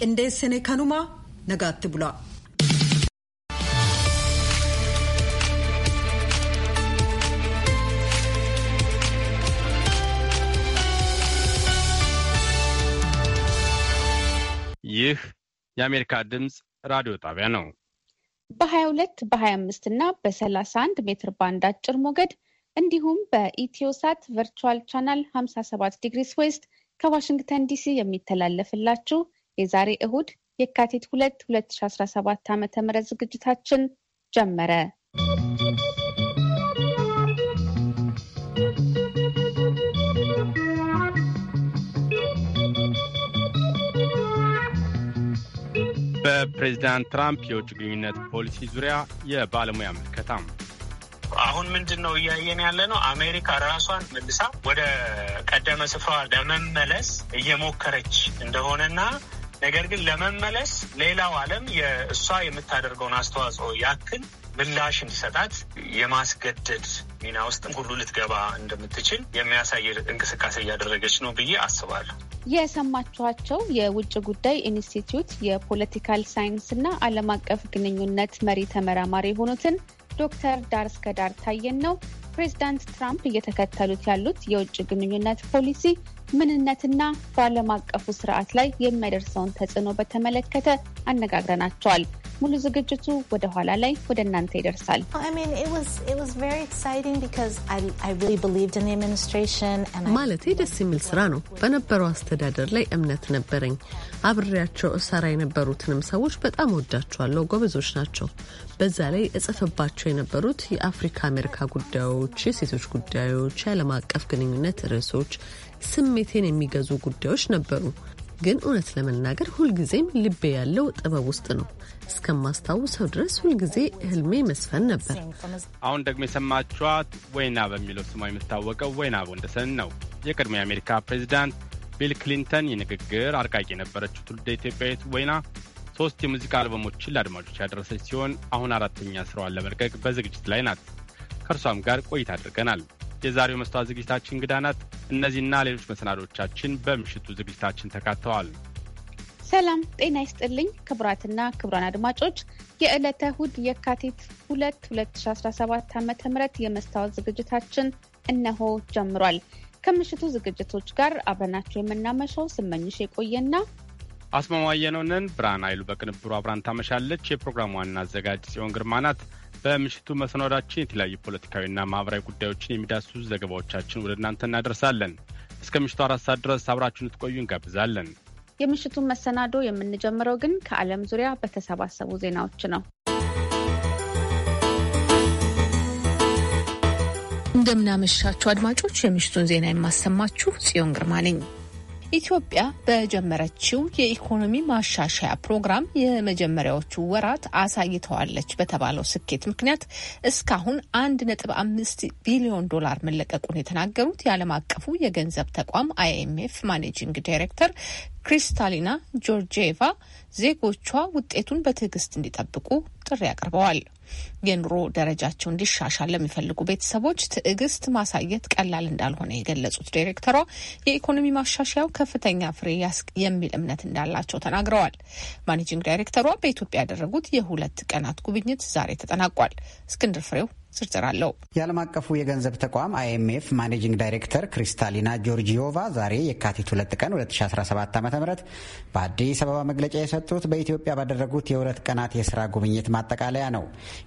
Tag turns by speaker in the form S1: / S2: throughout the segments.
S1: qindeessine kanumaa nagaatti bula.
S2: ይህ የአሜሪካ ድምፅ ራዲዮ ጣቢያ ነው።
S3: በ22 በ25 እና በ31 ሜትር ባንድ አጭር ሞገድ እንዲሁም በኢትዮሳት ቨርቹዋል ቻናል 57 ዲግሪስ ዌስት ከዋሽንግተን ዲሲ የሚተላለፍላችሁ የዛሬ እሁድ የካቲት ሁለት 2017 ዓ ዝግጅታችን ጀመረ።
S2: በፕሬዚዳንት ትራምፕ የውጭ ግንኙነት ፖሊሲ ዙሪያ የባለሙያ ምልከታም
S4: አሁን ምንድን ነው እያየን ያለ ነው? አሜሪካ ራሷን መልሳ ወደ ቀደመ ስፍራ ለመመለስ እየሞከረች እንደሆነና ነገር ግን ለመመለስ ሌላው ዓለም የእሷ የምታደርገውን አስተዋጽኦ ያክል ምላሽ እንዲሰጣት የማስገደድ ሚና ውስጥ ሁሉ ልትገባ እንደምትችል የሚያሳይ እንቅስቃሴ እያደረገች ነው ብዬ አስባለሁ።
S3: የሰማችኋቸው የውጭ ጉዳይ ኢንስቲትዩት የፖለቲካል ሳይንስ እና ዓለም አቀፍ ግንኙነት መሪ ተመራማሪ የሆኑትን ዶክተር ዳር እስከ ዳር ታየን ነው። ፕሬዚዳንት ትራምፕ እየተከተሉት ያሉት የውጭ ግንኙነት ፖሊሲ ምንነትና በዓለም አቀፉ ስርዓት ላይ የሚያደርሰውን ተጽዕኖ በተመለከተ አነጋግረናቸዋል። ሙሉ ዝግጅቱ ወደ ኋላ ላይ ወደ እናንተ ይደርሳል።
S5: ማለቴ ደስ የሚል ስራ ነው። በነበረው አስተዳደር ላይ እምነት ነበረኝ። አብሬያቸው እሰራ የነበሩትንም ሰዎች በጣም ወዳቸዋለሁ። ጎበዞች ናቸው። በዛ ላይ እጽፍባቸው የነበሩት የአፍሪካ አሜሪካ ጉዳዮች፣ የሴቶች ጉዳዮች፣ የዓለም አቀፍ ግንኙነት ርዕሶች፣ ስሜቴን የሚገዙ ጉዳዮች ነበሩ። ግን እውነት ለመናገር ሁልጊዜም ልቤ ያለው ጥበብ ውስጥ ነው። እስከማስታውሰው ድረስ ሁልጊዜ ህልሜ መስፈን ነበር።
S2: አሁን ደግሞ የሰማችኋት ወይና በሚለው ስሟ የምታወቀው ወይና ወንደሰን ነው። የቀድሞ የአሜሪካ ፕሬዚዳንት ቢል ክሊንተን የንግግር አርቃቂ የነበረችው ትውልደ ኢትዮጵያዊት ወይና ሶስት የሙዚቃ አልበሞችን ለአድማጮች ያደረሰች ሲሆን አሁን አራተኛ ስራዋን ለመልቀቅ በዝግጅት ላይ ናት። ከእርሷም ጋር ቆይታ አድርገናል። የዛሬው መስተዋት ዝግጅታችን እንግዳ ናት። እነዚህና ሌሎች መሰናዶቻችን በምሽቱ ዝግጅታችን ተካተዋል።
S3: ሰላም ጤና ይስጥልኝ ክቡራትና ክቡራን አድማጮች የዕለተ እሁድ የካቲት 2 2017 ዓ ም የመስታወት ዝግጅታችን እነሆ ጀምሯል። ከምሽቱ ዝግጅቶች ጋር አብረናቸው የምናመሸው ስመኝሽ የቆየና
S2: ነን ብርሃን ኃይሉ በቅንብሩ አብራን ታመሻለች። የፕሮግራሙ ዋና አዘጋጅ ጽዮን ግርማ ናት። በምሽቱ መሰናዷችን የተለያዩ ፖለቲካዊና ማህበራዊ ጉዳዮችን የሚዳስሱ ዘገባዎቻችን ወደ እናንተ እናደርሳለን። እስከ ምሽቱ አራት ሰዓት ድረስ አብራችሁን ልትቆዩ እንጋብዛለን።
S3: የምሽቱን መሰናዶ የምንጀምረው ግን ከዓለም ዙሪያ በተሰባሰቡ ዜናዎች ነው።
S6: እንደምናመሻችሁ አድማጮች፣ የምሽቱን ዜና የማሰማችሁ ጽዮን ግርማ ነኝ። ኢትዮጵያ በጀመረችው የኢኮኖሚ ማሻሻያ ፕሮግራም የመጀመሪያዎቹ ወራት አሳይተዋለች በተባለው ስኬት ምክንያት እስካሁን አንድ ነጥብ አምስት ቢሊዮን ዶላር መለቀቁን የተናገሩት የዓለም አቀፉ የገንዘብ ተቋም አይኤምኤፍ ማኔጂንግ ዳይሬክተር ክሪስታሊና ጆርጂየቫ ዜጎቿ ውጤቱን በትዕግስት እንዲጠብቁ ጥሪ አቅርበዋል። የኑሮ ደረጃቸው እንዲሻሻል ለሚፈልጉ ቤተሰቦች ትዕግስት ማሳየት ቀላል እንዳልሆነ የገለጹት ዳይሬክተሯ የኢኮኖሚ ማሻሻያው ከፍተኛ ፍሬ የሚል እምነት እንዳላቸው ተናግረዋል። ማኔጂንግ ዳይሬክተሯ በኢትዮጵያ ያደረጉት የሁለት ቀናት ጉብኝት ዛሬ ተጠናቋል።
S7: እስክንድር ፍሬው ዝርዝር አለው። የዓለም አቀፉ የገንዘብ ተቋም አይኤምኤፍ ማኔጂንግ ዳይሬክተር ክሪስታሊና ጆርጂዮቫ ዛሬ የካቲት ሁለት ቀን 2017 ዓ ም በአዲስ አበባ መግለጫ የሰጡት በኢትዮጵያ ባደረጉት የሁለት ቀናት የስራ ጉብኝት ማጠቃለያ ነው።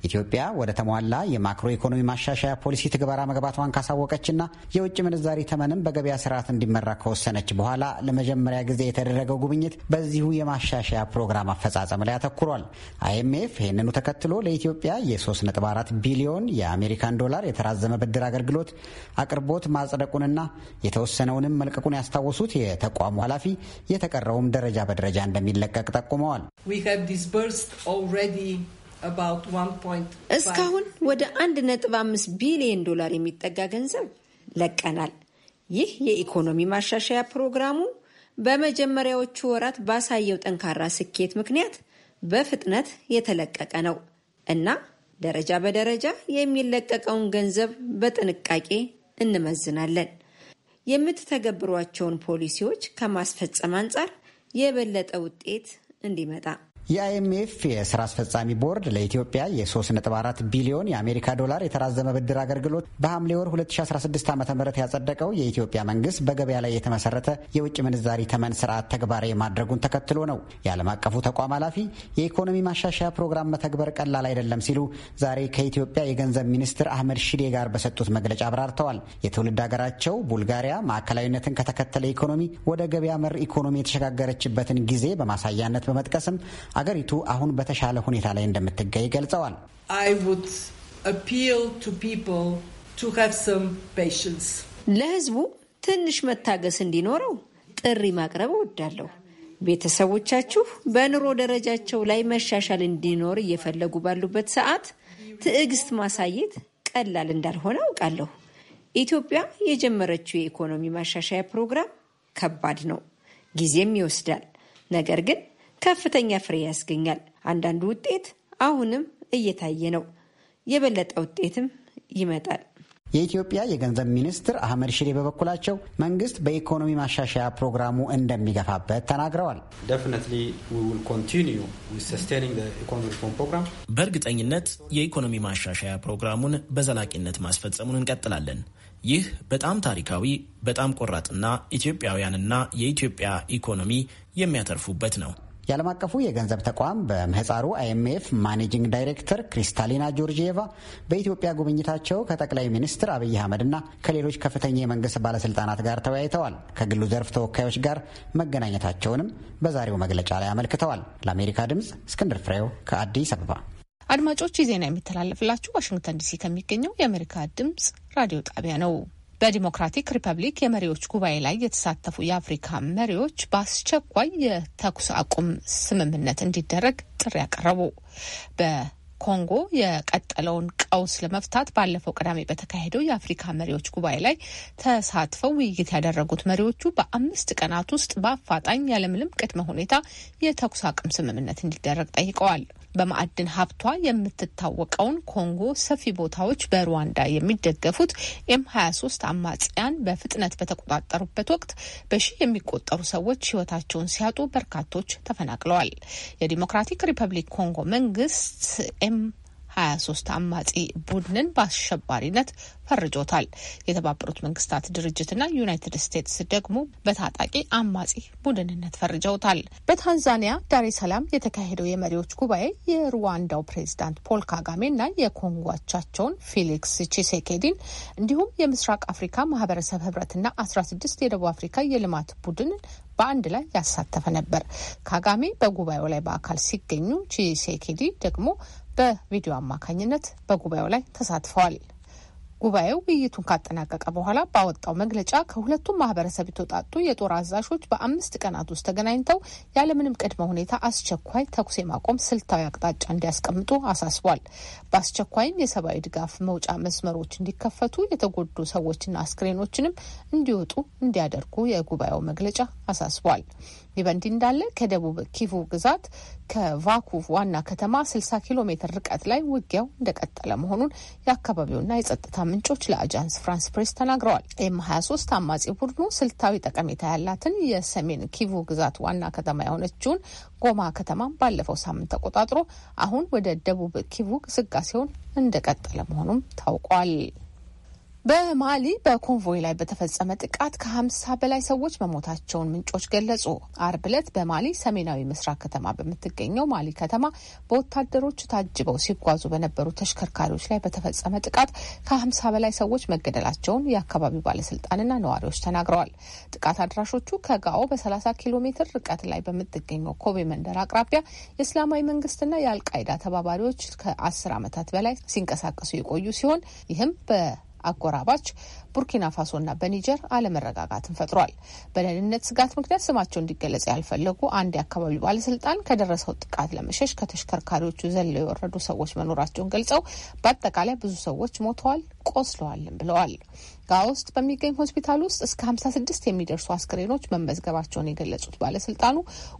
S7: ኢትዮጵያ ወደ ተሟላ የማክሮ ኢኮኖሚ ማሻሻያ ፖሊሲ ትግበራ መግባቷን ካሳወቀችና የውጭ ምንዛሪ ተመንም በገበያ ስርዓት እንዲመራ ከወሰነች በኋላ ለመጀመሪያ ጊዜ የተደረገው ጉብኝት በዚሁ የማሻሻያ ፕሮግራም አፈጻጸም ላይ አተኩሯል። አይኤምኤፍ ይህንኑ ተከትሎ ለኢትዮጵያ የ3.4 ቢሊዮን የአሜሪካን ዶላር የተራዘመ ብድር አገልግሎት አቅርቦት ማጽደቁንና የተወሰነውንም መልቀቁን ያስታወሱት የተቋሙ ኃላፊ የተቀረውም ደረጃ በደረጃ እንደሚለቀቅ ጠቁመዋል። እስካሁን
S1: ወደ 1.5 ቢሊዮን ዶላር የሚጠጋ ገንዘብ ለቀናል። ይህ የኢኮኖሚ ማሻሻያ ፕሮግራሙ በመጀመሪያዎቹ ወራት ባሳየው ጠንካራ ስኬት ምክንያት በፍጥነት የተለቀቀ ነው እና ደረጃ በደረጃ የሚለቀቀውን ገንዘብ በጥንቃቄ እንመዝናለን። የምትተገብሯቸውን ፖሊሲዎች ከማስፈጸም አንጻር የበለጠ ውጤት እንዲመጣ
S7: የአይኤምኤፍ የስራ አስፈጻሚ ቦርድ ለኢትዮጵያ የ3.4 ቢሊዮን የአሜሪካ ዶላር የተራዘመ ብድር አገልግሎት በሐምሌ ወር 2016 ዓ ም ያጸደቀው የኢትዮጵያ መንግስት በገበያ ላይ የተመሰረተ የውጭ ምንዛሪ ተመን ስርዓት ተግባራዊ ማድረጉን ተከትሎ ነው። የዓለም አቀፉ ተቋም ኃላፊ የኢኮኖሚ ማሻሻያ ፕሮግራም መተግበር ቀላል አይደለም ሲሉ ዛሬ ከኢትዮጵያ የገንዘብ ሚኒስትር አህመድ ሺዴ ጋር በሰጡት መግለጫ አብራርተዋል። የትውልድ ሀገራቸው ቡልጋሪያ ማዕከላዊነትን ከተከተለ ኢኮኖሚ ወደ ገበያ መር ኢኮኖሚ የተሸጋገረችበትን ጊዜ በማሳያነት በመጥቀስም አገሪቱ አሁን በተሻለ ሁኔታ ላይ እንደምትገኝ ገልጸዋል።
S1: ለህዝቡ ትንሽ መታገስ እንዲኖረው ጥሪ ማቅረብ እወዳለሁ። ቤተሰቦቻችሁ በኑሮ ደረጃቸው ላይ መሻሻል እንዲኖር እየፈለጉ ባሉበት ሰዓት ትዕግስት ማሳየት ቀላል እንዳልሆነ አውቃለሁ። ኢትዮጵያ የጀመረችው የኢኮኖሚ ማሻሻያ ፕሮግራም ከባድ ነው፣ ጊዜም ይወስዳል። ነገር ግን ከፍተኛ ፍሬ ያስገኛል። አንዳንዱ ውጤት አሁንም እየታየ ነው።
S7: የበለጠ ውጤትም ይመጣል። የኢትዮጵያ የገንዘብ ሚኒስትር አህመድ ሽሬ በበኩላቸው መንግስት በኢኮኖሚ ማሻሻያ ፕሮግራሙ እንደሚገፋበት ተናግረዋል።
S4: በእርግጠኝነት የኢኮኖሚ ማሻሻያ
S1: ፕሮግራሙን በዘላቂነት ማስፈጸሙን እንቀጥላለን። ይህ በጣም ታሪካዊ፣ በጣም ቆራጥና ኢትዮጵያውያንና የኢትዮጵያ ኢኮኖሚ የሚያተርፉበት ነው።
S7: የዓለም አቀፉ የገንዘብ ተቋም በምህፃሩ አይኤምኤፍ ማኔጂንግ ዳይሬክተር ክሪስታሊና ጆርጂየቫ በኢትዮጵያ ጉብኝታቸው ከጠቅላይ ሚኒስትር አብይ አህመድና ከሌሎች ከፍተኛ የመንግስት ባለስልጣናት ጋር ተወያይተዋል። ከግሉ ዘርፍ ተወካዮች ጋር መገናኘታቸውንም በዛሬው መግለጫ ላይ አመልክተዋል። ለአሜሪካ ድምፅ እስክንድር ፍሬው ከአዲስ አበባ።
S6: አድማጮች ዜና የሚተላለፍላችሁ ዋሽንግተን ዲሲ ከሚገኘው የአሜሪካ ድምጽ ራዲዮ ጣቢያ ነው። በዲሞክራቲክ ሪፐብሊክ የመሪዎች ጉባኤ ላይ የተሳተፉ የአፍሪካ መሪዎች በአስቸኳይ የተኩስ አቁም ስምምነት እንዲደረግ ጥሪ ያቀረቡ በኮንጎ የቀጠለውን ቀውስ ለመፍታት ባለፈው ቅዳሜ በተካሄደው የአፍሪካ መሪዎች ጉባኤ ላይ ተሳትፈው ውይይት ያደረጉት መሪዎቹ በአምስት ቀናት ውስጥ በአፋጣኝ ያለምንም ቅድመ ሁኔታ የተኩስ አቁም ስምምነት እንዲደረግ ጠይቀዋል። በማዕድን ሀብቷ የምትታወቀውን ኮንጎ ሰፊ ቦታዎች በሩዋንዳ የሚደገፉት ኤም 23 አማጽያን በፍጥነት በተቆጣጠሩበት ወቅት በሺህ የሚቆጠሩ ሰዎች ህይወታቸውን ሲያጡ በርካቶች ተፈናቅለዋል። የዲሞክራቲክ ሪፐብሊክ ኮንጎ መንግስት ኤም 23 አማጺ ቡድንን በአሸባሪነት ፈርጆታል። የተባበሩት መንግስታት ድርጅትና ዩናይትድ ስቴትስ ደግሞ በታጣቂ አማጺ ቡድንነት ፈርጀውታል። በታንዛኒያ ዳሬ ሰላም የተካሄደው የመሪዎች ጉባኤ የሩዋንዳው ፕሬዚዳንት ፖል ካጋሜና የኮንጓቻቸውን ፊሊክስ ቺሴኬዲን እንዲሁም የምስራቅ አፍሪካ ማህበረሰብ ህብረትና 16 የደቡብ አፍሪካ የልማት ቡድንን በአንድ ላይ ያሳተፈ ነበር። ካጋሜ በጉባኤው ላይ በአካል ሲገኙ ቺሴኬዲ ደግሞ በቪዲዮ አማካኝነት በጉባኤው ላይ ተሳትፈዋል። ጉባኤው ውይይቱን ካጠናቀቀ በኋላ ባወጣው መግለጫ ከሁለቱም ማህበረሰብ የተውጣጡ የጦር አዛዦች በአምስት ቀናት ውስጥ ተገናኝተው ያለምንም ቅድመ ሁኔታ አስቸኳይ ተኩስ የማቆም ስልታዊ አቅጣጫ እንዲያስቀምጡ አሳስቧል። በአስቸኳይም የሰብአዊ ድጋፍ መውጫ መስመሮች እንዲከፈቱ፣ የተጎዱ ሰዎችና አስክሬኖችንም እንዲወጡ እንዲያደርጉ የጉባኤው መግለጫ አሳስቧል። ይህ በእንዲህ እንዳለ ከደቡብ ኪቩ ግዛት ከቫኩቭ ዋና ከተማ 60 ኪሎ ሜትር ርቀት ላይ ውጊያው እንደቀጠለ መሆኑን የአካባቢውና የጸጥታ ምንጮች ለአጃንስ ፍራንስ ፕሬስ ተናግረዋል። ኤም 23 አማጺ ቡድኑ ስልታዊ ጠቀሜታ ያላትን የሰሜን ኪቩ ግዛት ዋና ከተማ የሆነችውን ጎማ ከተማ ባለፈው ሳምንት ተቆጣጥሮ አሁን ወደ ደቡብ ኪቩ ግስጋሴውን እንደቀጠለ መሆኑም ታውቋል። በማሊ በኮንቮይ ላይ በተፈጸመ ጥቃት ከሀምሳ በላይ ሰዎች መሞታቸውን ምንጮች ገለጹ። አርብ ዕለት በማሊ ሰሜናዊ ምስራቅ ከተማ በምትገኘው ማሊ ከተማ በወታደሮች ታጅበው ሲጓዙ በነበሩ ተሽከርካሪዎች ላይ በተፈጸመ ጥቃት ከሀምሳ በላይ ሰዎች መገደላቸውን የአካባቢው ባለስልጣንና ነዋሪዎች ተናግረዋል። ጥቃት አድራሾቹ ከጋኦ በ30 ኪሎ ሜትር ርቀት ላይ በምትገኘው ኮቤ መንደር አቅራቢያ የእስላማዊ መንግስትና የአልቃይዳ ተባባሪዎች ከአስር ዓመታት በላይ ሲንቀሳቀሱ የቆዩ ሲሆን ይህም በ አጎራባች ቡርኪና ፋሶና በኒጀር አለመረጋጋትን ፈጥሯል። በደህንነት ስጋት ምክንያት ስማቸው እንዲገለጽ ያልፈለጉ አንድ የአካባቢው ባለስልጣን ከደረሰው ጥቃት ለመሸሽ ከተሽከርካሪዎቹ ዘለው የወረዱ ሰዎች መኖራቸውን ገልጸው በአጠቃላይ ብዙ ሰዎች ሞተዋል፣ ቆስለዋልም ብለዋል። ጋ ውስጥ በሚገኝ ሆስፒታል ውስጥ እስከ 56 የሚደርሱ አስክሬኖች መመዝገባቸውን የገለጹት ባለስልጣኑ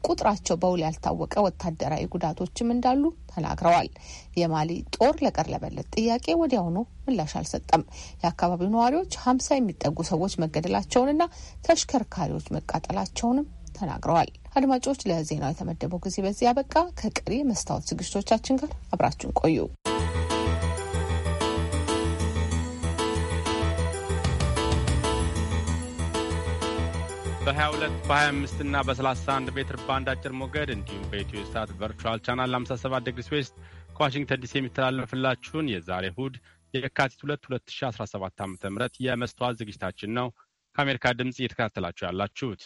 S6: ቁጥራቸው በውል ያልታወቀ ወታደራዊ ጉዳቶችም እንዳሉ ተናግረዋል። የማሊ ጦር ለቀረበለት ጥያቄ ወዲያውኑ ምላሽ አልሰጠም። የአካባቢው ነዋሪዎች ሀምሳ የሚጠጉ ሰዎች መገደላቸውንና ተሽከርካሪዎች መቃጠላቸውንም ተናግረዋል። አድማጮች፣ ለዜናው የተመደበው ጊዜ በዚህ አበቃ። ከቀሪ መስታወት ዝግጅቶቻችን ጋር አብራችሁን ቆዩ።
S2: በ22 በ25 እና በ31 ሜትር ባንድ አጭር ሞገድ እንዲሁም በኢትዮ ሳት ቨርቹዋል ቻናል 57 ዲግሪ ስዌስት ከዋሽንግተን ዲሲ የሚተላለፍላችሁን የዛሬ ሁድ የካቲት 2 2017 ዓ ም የመስተዋት ዝግጅታችን ነው ከአሜሪካ ድምፅ እየተከታተላችሁ ያላችሁት።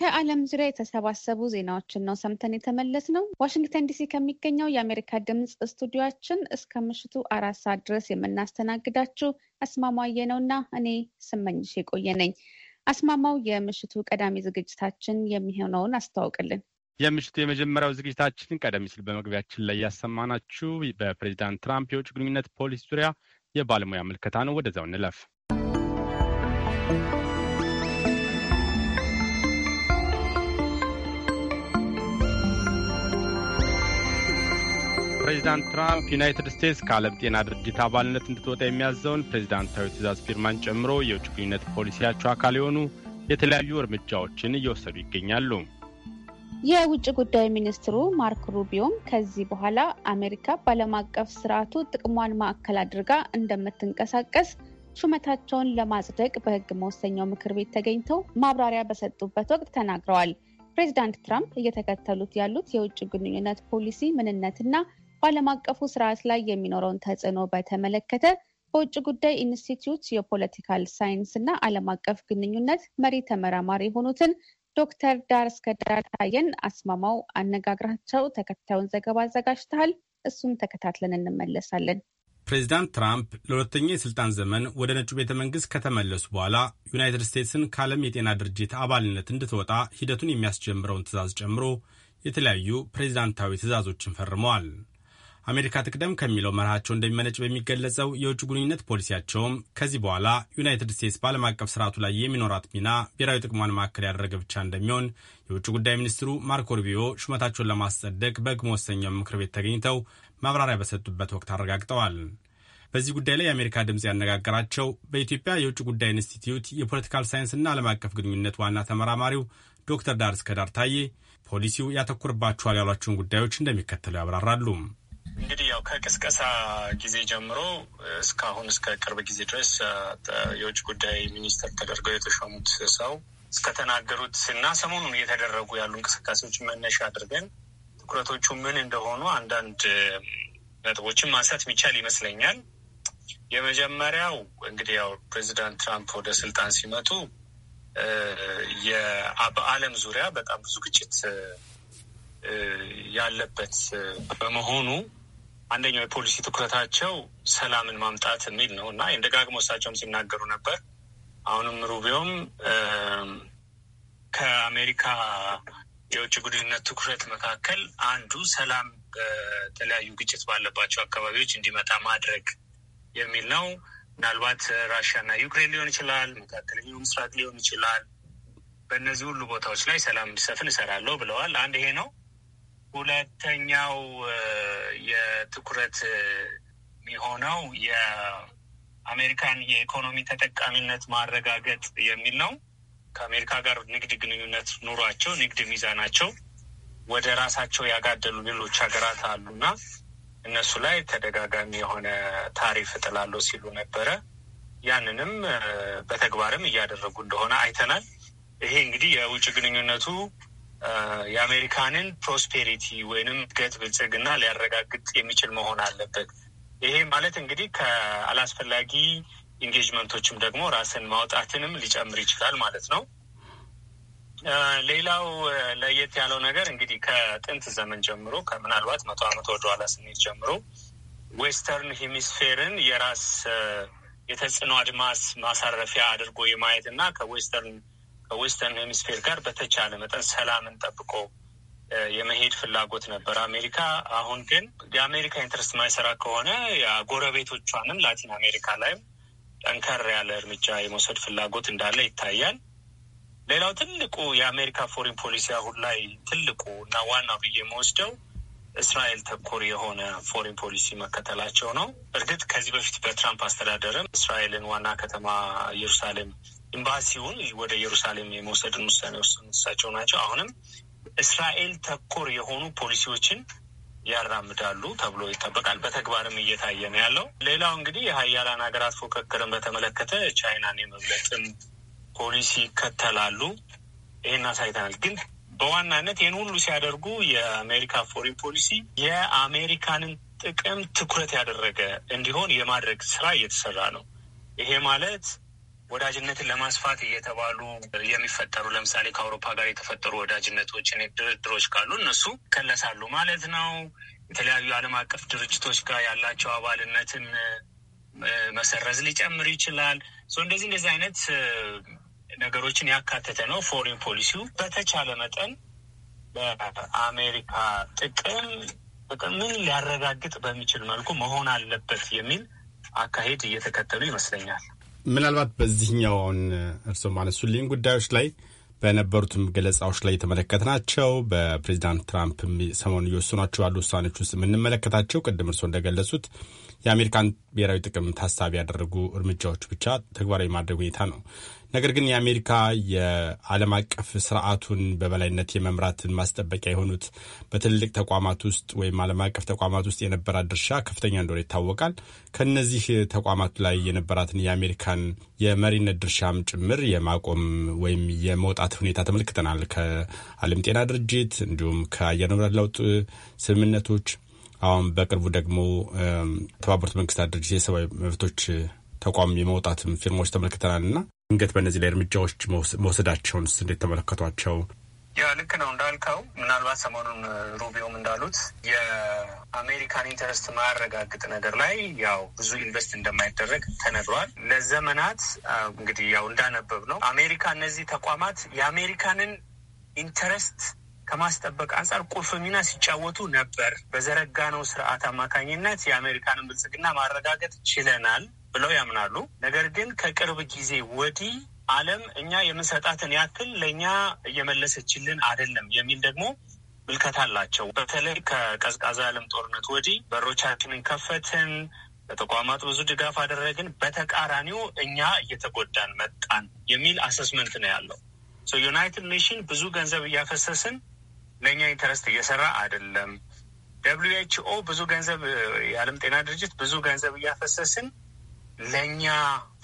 S3: ከዓለም ዙሪያ የተሰባሰቡ ዜናዎችን ነው ሰምተን የተመለስ ነው። ዋሽንግተን ዲሲ ከሚገኘው የአሜሪካ ድምፅ ስቱዲዮችን እስከ ምሽቱ አራት ሰዓት ድረስ የምናስተናግዳችሁ አስማማየ ነው እና እኔ ስመኝሽ የቆየ ነኝ። አስማማው የምሽቱ ቀዳሚ ዝግጅታችን የሚሆነውን አስተዋውቅልን።
S2: የምሽቱ የመጀመሪያው ዝግጅታችን ቀደም ሲል በመግቢያችን ላይ ያሰማናችሁ በፕሬዚዳንት ትራምፕ የውጭ ግንኙነት ፖሊሲ ዙሪያ የባለሙያ ምልከታ ነው። ወደዛው እንለፍ። ፕሬዚዳንት ትራምፕ ዩናይትድ ስቴትስ ከዓለም ጤና ድርጅት አባልነት እንድትወጣ የሚያዘውን ፕሬዚዳንታዊ ትእዛዝ ፊርማን ጨምሮ የውጭ ግንኙነት ፖሊሲያቸው አካል የሆኑ የተለያዩ እርምጃዎችን እየወሰዱ ይገኛሉ።
S3: የውጭ ጉዳይ ሚኒስትሩ ማርክ ሩቢዮም ከዚህ በኋላ አሜሪካ በዓለም አቀፍ ስርዓቱ ጥቅሟን ማዕከል አድርጋ እንደምትንቀሳቀስ ሹመታቸውን ለማጽደቅ በሕግ መወሰኛው ምክር ቤት ተገኝተው ማብራሪያ በሰጡበት ወቅት ተናግረዋል። ፕሬዚዳንት ትራምፕ እየተከተሉት ያሉት የውጭ ግንኙነት ፖሊሲ ምንነትና በዓለም አቀፉ ስርዓት ላይ የሚኖረውን ተጽዕኖ በተመለከተ በውጭ ጉዳይ ኢንስቲትዩት የፖለቲካል ሳይንስ እና ዓለም አቀፍ ግንኙነት መሪ ተመራማሪ የሆኑትን ዶክተር ዳር እስከ ታየን አስማማው አነጋግራቸው ተከታዩን ዘገባ አዘጋጅተሃል። እሱም ተከታትለን እንመለሳለን።
S2: ፕሬዚዳንት ትራምፕ ለሁለተኛ የስልጣን ዘመን ወደ ነጩ ቤተ መንግስት ከተመለሱ በኋላ ዩናይትድ ስቴትስን ከዓለም የጤና ድርጅት አባልነት እንድትወጣ ሂደቱን የሚያስጀምረውን ትዕዛዝ ጨምሮ የተለያዩ ፕሬዚዳንታዊ ትእዛዞችን ፈርመዋል። አሜሪካ ትቅደም ከሚለው መርሃቸው እንደሚመነጭ በሚገለጸው የውጭ ግንኙነት ፖሊሲያቸውም ከዚህ በኋላ ዩናይትድ ስቴትስ በዓለም አቀፍ ስርዓቱ ላይ የሚኖራት ሚና ብሔራዊ ጥቅሟን ማዕከል ያደረገ ብቻ እንደሚሆን የውጭ ጉዳይ ሚኒስትሩ ማርኮ ሩቢዮ ሹመታቸውን ለማስጸደቅ በሕግ መወሰኛው ምክር ቤት ተገኝተው ማብራሪያ በሰጡበት ወቅት አረጋግጠዋል። በዚህ ጉዳይ ላይ የአሜሪካ ድምፅ ያነጋገራቸው በኢትዮጵያ የውጭ ጉዳይ ኢንስቲትዩት የፖለቲካል ሳይንስና ዓለም አቀፍ ግንኙነት ዋና ተመራማሪው ዶክተር ዳር እስከዳር ታዬ ፖሊሲው ያተኩርባቸዋል ያሏቸውን ጉዳዮች እንደሚከተለው ያብራራሉ።
S4: እንግዲህ ያው ከቅስቀሳ ጊዜ ጀምሮ እስካሁን እስከ ቅርብ ጊዜ ድረስ የውጭ ጉዳይ ሚኒስትር ተደርገው የተሾሙት ሰው እስከተናገሩት እና ሰሞኑን እየተደረጉ ያሉ እንቅስቃሴዎች መነሻ አድርገን ትኩረቶቹ ምን እንደሆኑ አንዳንድ ነጥቦችን ማንሳት የሚቻል ይመስለኛል። የመጀመሪያው እንግዲህ ያው ፕሬዚዳንት ትራምፕ ወደ ስልጣን ሲመጡ በዓለም ዙሪያ በጣም ብዙ ግጭት ያለበት በመሆኑ አንደኛው የፖሊሲ ትኩረታቸው ሰላምን ማምጣት የሚል ነው እና ይህን ደጋግሞ እሳቸውም ሲናገሩ ነበር። አሁንም ሩቢዮም ከአሜሪካ የውጭ ግንኙነት ትኩረት መካከል አንዱ ሰላም በተለያዩ ግጭት ባለባቸው አካባቢዎች እንዲመጣ ማድረግ የሚል ነው። ምናልባት ራሽያና ዩክሬን ሊሆን ይችላል፣ መካከለኛው ምስራቅ ሊሆን ይችላል። በእነዚህ ሁሉ ቦታዎች ላይ ሰላም እንዲሰፍን እሰራለሁ ብለዋል። አንድ ይሄ ነው። ሁለተኛው የትኩረት የሚሆነው የአሜሪካን የኢኮኖሚ ተጠቃሚነት ማረጋገጥ የሚል ነው። ከአሜሪካ ጋር ንግድ ግንኙነት ኑሯቸው ንግድ ሚዛናቸው ወደ ራሳቸው ያጋደሉ ሌሎች ሀገራት አሉና እነሱ ላይ ተደጋጋሚ የሆነ ታሪፍ እጥላለሁ ሲሉ ነበረ። ያንንም በተግባርም እያደረጉ እንደሆነ አይተናል። ይሄ እንግዲህ የውጭ ግንኙነቱ የአሜሪካንን ፕሮስፔሪቲ ወይንም እድገት ብልጽግና ሊያረጋግጥ የሚችል መሆን አለበት። ይሄ ማለት እንግዲህ ከአላስፈላጊ ኢንጌጅመንቶችም ደግሞ ራስን ማውጣትንም ሊጨምር ይችላል ማለት ነው። ሌላው ለየት ያለው ነገር እንግዲህ ከጥንት ዘመን ጀምሮ ከምናልባት መቶ ዓመት ወደኋላ ስንሄድ ጀምሮ ዌስተርን ሄሚስፌርን የራስ የተጽዕኖ አድማስ ማሳረፊያ አድርጎ የማየት እና ከዌስተርን ከዌስተርን ሄሚስፌር ጋር በተቻለ መጠን ሰላምን ጠብቆ የመሄድ ፍላጎት ነበር አሜሪካ። አሁን ግን የአሜሪካ ኢንትረስት ማይሰራ ከሆነ የጎረቤቶቿንም ላቲን አሜሪካ ላይም ጠንከር ያለ እርምጃ የመውሰድ ፍላጎት እንዳለ ይታያል። ሌላው ትልቁ የአሜሪካ ፎሪን ፖሊሲ አሁን ላይ ትልቁ እና ዋናው ብዬ የምወስደው እስራኤል ተኮር የሆነ ፎሪን ፖሊሲ መከተላቸው ነው። እርግጥ ከዚህ በፊት በትራምፕ አስተዳደርም እስራኤልን ዋና ከተማ ኢየሩሳሌም ኤምባሲውን ወደ ኢየሩሳሌም የመውሰድን ውሳኔ ወሰኑ እሳቸው ናቸው። አሁንም እስራኤል ተኮር የሆኑ ፖሊሲዎችን ያራምዳሉ ተብሎ ይጠበቃል። በተግባርም እየታየ ነው ያለው። ሌላው እንግዲህ የሀያላን ሀገራት ፉክክርን በተመለከተ ቻይናን የመብለጥን ፖሊሲ ይከተላሉ። ይህን አሳይተናል። ግን በዋናነት ይህን ሁሉ ሲያደርጉ የአሜሪካ ፎሪን ፖሊሲ የአሜሪካንን ጥቅም ትኩረት ያደረገ እንዲሆን የማድረግ ስራ እየተሰራ ነው። ይሄ ማለት ወዳጅነትን ለማስፋት እየተባሉ የሚፈጠሩ ለምሳሌ ከአውሮፓ ጋር የተፈጠሩ ወዳጅነቶችን ድርድሮች ካሉ እነሱ ከለሳሉ ማለት ነው። የተለያዩ ዓለም አቀፍ ድርጅቶች ጋር ያላቸው አባልነትን መሰረዝ ሊጨምር ይችላል። እንደዚህ እንደዚህ አይነት ነገሮችን ያካተተ ነው። ፎሪን ፖሊሲው በተቻለ መጠን በአሜሪካ ጥቅም ጥቅምን ሊያረጋግጥ በሚችል መልኩ መሆን አለበት የሚል አካሄድ እየተከተሉ ይመስለኛል።
S2: ምናልባት በዚህኛው አሁን እርስዎ ማነሱልኝ ጉዳዮች ላይ በነበሩትም ገለጻዎች ላይ የተመለከትናቸው በፕሬዚዳንት ትራምፕ ሰሞኑን እየወሰኗቸው ያሉ ውሳኔዎች ውስጥ የምንመለከታቸው ቅድም እርስዎ እንደገለጹት የአሜሪካን ብሔራዊ ጥቅም ታሳቢ ያደረጉ እርምጃዎች ብቻ ተግባራዊ ማድረግ ሁኔታ ነው። ነገር ግን የአሜሪካ የዓለም አቀፍ ስርዓቱን በበላይነት የመምራትን ማስጠበቂያ የሆኑት በትልልቅ ተቋማት ውስጥ ወይም ዓለም አቀፍ ተቋማት ውስጥ የነበራት ድርሻ ከፍተኛ እንደሆነ ይታወቃል። ከነዚህ ተቋማት ላይ የነበራትን የአሜሪካን የመሪነት ድርሻም ጭምር የማቆም ወይም የመውጣት ሁኔታ ተመልክተናል። ከዓለም ጤና ድርጅት እንዲሁም ከአየር ንብረት ለውጥ ስምምነቶች አሁን በቅርቡ ደግሞ የተባበሩት መንግስታት ድርጅት የሰብአዊ መብቶች ተቋም የመውጣትም ፊርሞች ተመልክተናል እና ድንገት በእነዚህ ላይ እርምጃዎች መውሰዳቸውን እንዴት ተመለከቷቸው? ያ ልክ ነው እንዳልከው፣ ምናልባት ሰሞኑን
S4: ሩቢዮም እንዳሉት የአሜሪካን ኢንተረስት ማያረጋግጥ ነገር ላይ ያው ብዙ ኢንቨስት እንደማይደረግ ተነግሯል። ለዘመናት እንግዲህ ያው እንዳነበብ ነው አሜሪካ እነዚህ ተቋማት የአሜሪካንን ኢንተረስት ከማስጠበቅ አንጻር ቁልፍ ሚና ሲጫወቱ ነበር። በዘረጋነው ስርዓት አማካኝነት የአሜሪካንን ብልጽግና ማረጋገጥ ችለናል ብለው ያምናሉ። ነገር ግን ከቅርብ ጊዜ ወዲህ ዓለም እኛ የምንሰጣትን ያክል ለእኛ እየመለሰችልን አይደለም የሚል ደግሞ ምልከታ አላቸው። በተለይ ከቀዝቃዛ ዓለም ጦርነት ወዲህ በሮቻችንን ከፈትን፣ በተቋማት ብዙ ድጋፍ አደረግን፣ በተቃራኒው እኛ እየተጎዳን መጣን የሚል አሰስመንት ነው ያለው። ዩናይትድ ኔሽን ብዙ ገንዘብ እያፈሰስን ለእኛ ኢንተረስት እየሰራ አይደለም። ደብሊዩ ኤች ኦ ብዙ ገንዘብ የዓለም ጤና ድርጅት ብዙ ገንዘብ እያፈሰስን ለእኛ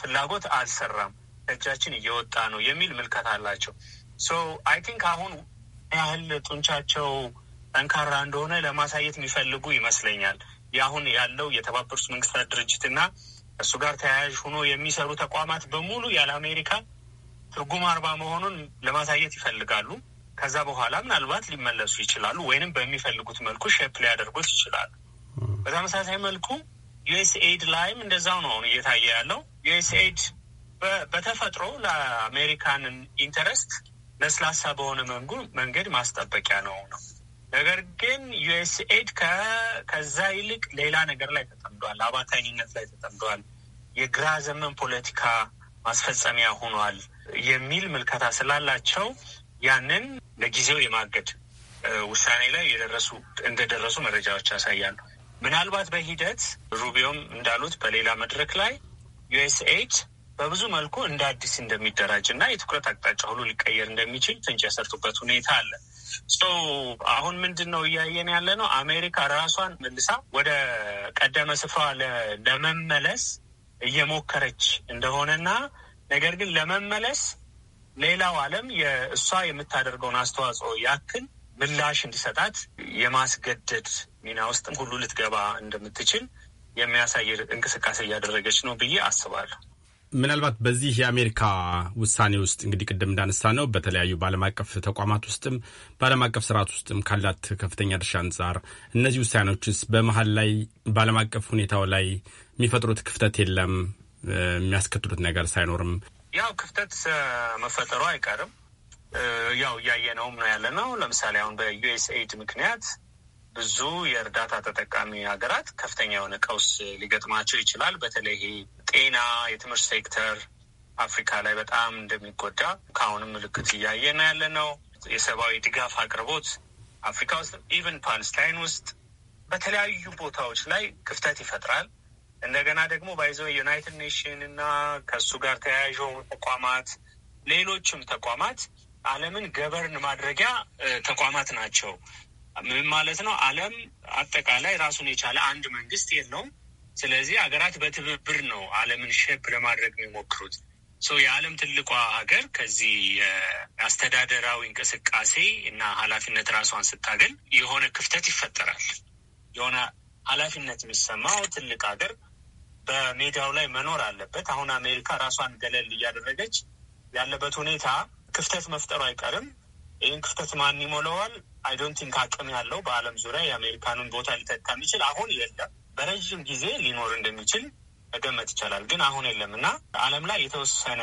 S4: ፍላጎት አልሰራም፣ እጃችን እየወጣ ነው የሚል ምልከት አላቸው። ሶ አይ ቲንክ አሁን ያህል ጡንቻቸው ጠንካራ እንደሆነ ለማሳየት የሚፈልጉ ይመስለኛል። የአሁን ያለው የተባበሩት መንግስታት ድርጅትና እሱ ጋር ተያያዥ ሆኖ የሚሰሩ ተቋማት በሙሉ ያለ አሜሪካ ትርጉም አልባ መሆኑን ለማሳየት ይፈልጋሉ። ከዛ በኋላ ምናልባት ሊመለሱ ይችላሉ ወይንም በሚፈልጉት መልኩ ሼፕ ሊያደርጉት ይችላሉ። በተመሳሳይ መልኩ ዩኤስኤድ ላይም እንደዛው ነው እየታየ ያለው። ዩኤስኤድ በተፈጥሮ ለአሜሪካንን ኢንተረስት ለስላሳ በሆነ መንገድ ማስጠበቂያ ነው ነው ነገር ግን ዩኤስኤድ ከዛ ይልቅ ሌላ ነገር ላይ ተጠምዷል። አባታኝነት ላይ ተጠምዷል። የግራ ዘመን ፖለቲካ ማስፈጸሚያ ሆኗል የሚል ምልከታ ስላላቸው ያንን ለጊዜው የማገድ ውሳኔ ላይ የደረሱ እንደደረሱ መረጃዎች ያሳያሉ። ምናልባት በሂደት ሩቢዮም እንዳሉት በሌላ መድረክ ላይ ዩኤስኤድ በብዙ መልኩ እንደ አዲስ እንደሚደራጅ እና የትኩረት አቅጣጫ ሁሉ ሊቀየር እንደሚችል ፍንጭ ያሰርጡበት ሁኔታ አለ። አሁን ምንድን ነው እያየን ያለ ነው? አሜሪካ ራሷን መልሳ ወደ ቀደመ ስፍራ ለመመለስ እየሞከረች እንደሆነና ነገር ግን ለመመለስ ሌላው ዓለም የእሷ የምታደርገውን አስተዋጽኦ ያክል ምላሽ እንዲሰጣት የማስገደድ ሚና ውስጥ ሁሉ ልትገባ እንደምትችል የሚያሳይ እንቅስቃሴ እያደረገች ነው ብዬ አስባለሁ።
S2: ምናልባት በዚህ የአሜሪካ ውሳኔ ውስጥ እንግዲህ ቅድም እንዳነሳ ነው በተለያዩ በዓለም አቀፍ ተቋማት ውስጥም በዓለም አቀፍ ስርዓት ውስጥም ካላት ከፍተኛ ድርሻ አንጻር እነዚህ ውሳኔዎችስ በመሀል ላይ በዓለም አቀፍ ሁኔታው ላይ የሚፈጥሩት ክፍተት የለም የሚያስከትሉት ነገር ሳይኖርም ያው ክፍተት መፈጠሩ አይቀርም።
S4: ያው እያየነውም ነው ያለ ነው። ለምሳሌ አሁን በዩኤስኤድ ምክንያት ብዙ የእርዳታ ተጠቃሚ ሀገራት ከፍተኛ የሆነ ቀውስ ሊገጥማቸው ይችላል። በተለይ ጤና፣ የትምህርት ሴክተር አፍሪካ ላይ በጣም እንደሚጎዳ ከአሁንም ምልክት እያየ ነው ያለ ነው። የሰብአዊ ድጋፍ አቅርቦት አፍሪካ ውስጥ ኢቨን ፓለስታይን ውስጥ በተለያዩ ቦታዎች ላይ ክፍተት ይፈጥራል። እንደገና ደግሞ ባይዘው ዩናይትድ ኔሽን እና ከእሱ ጋር ተያያዥ ተቋማት፣ ሌሎችም ተቋማት ዓለምን ገበርን ማድረጊያ ተቋማት ናቸው። ምን ማለት ነው? ዓለም አጠቃላይ ራሱን የቻለ አንድ መንግስት የለውም። ስለዚህ ሀገራት በትብብር ነው ዓለምን ሼፕ ለማድረግ የሚሞክሩት። የዓለም ትልቋ ሀገር ከዚህ የአስተዳደራዊ እንቅስቃሴ እና ኃላፊነት ራሷን ስታገል የሆነ ክፍተት ይፈጠራል። የሆነ ኃላፊነት የሚሰማው ትልቅ ሀገር በሜዳው ላይ መኖር አለበት። አሁን አሜሪካ ራሷን ገለል እያደረገች ያለበት ሁኔታ ክፍተት መፍጠሩ አይቀርም። ይህን ክፍተት ማን ይሞላዋል? አይ ዶንት ቲንክ አቅም ያለው በዓለም ዙሪያ የአሜሪካንን ቦታ ሊተካ የሚችል አሁን የለም። በረዥም ጊዜ ሊኖር እንደሚችል መገመት ይቻላል፣ ግን አሁን የለም እና ዓለም ላይ የተወሰነ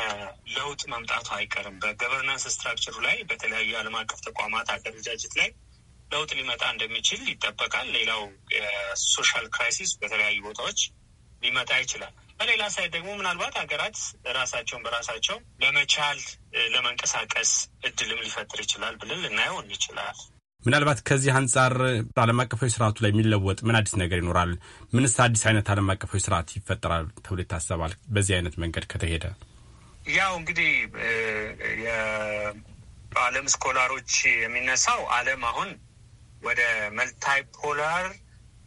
S4: ለውጥ መምጣቱ አይቀርም። በገቨርናንስ ስትራክቸሩ ላይ በተለያዩ የዓለም አቀፍ ተቋማት አደረጃጀት ላይ ለውጥ ሊመጣ እንደሚችል ይጠበቃል። ሌላው የሶሻል ክራይሲስ በተለያዩ ቦታዎች ሊመጣ ይችላል። በሌላ ሳይት ደግሞ ምናልባት ሀገራት ራሳቸውን በራሳቸው ለመቻል ለመንቀሳቀስ እድልም ሊፈጥር ይችላል ብለን ልናየውን ይችላል።
S2: ምናልባት ከዚህ አንጻር ዓለም አቀፋዊ ስርዓቱ ላይ የሚለወጥ ምን አዲስ ነገር ይኖራል? ምንስ አዲስ አይነት ዓለም አቀፋዊ ስርዓት ይፈጠራል ተብሎ ይታሰባል? በዚህ አይነት መንገድ ከተሄደ
S4: ያው እንግዲህ የዓለም ስኮላሮች የሚነሳው ዓለም አሁን ወደ መልታይፖላር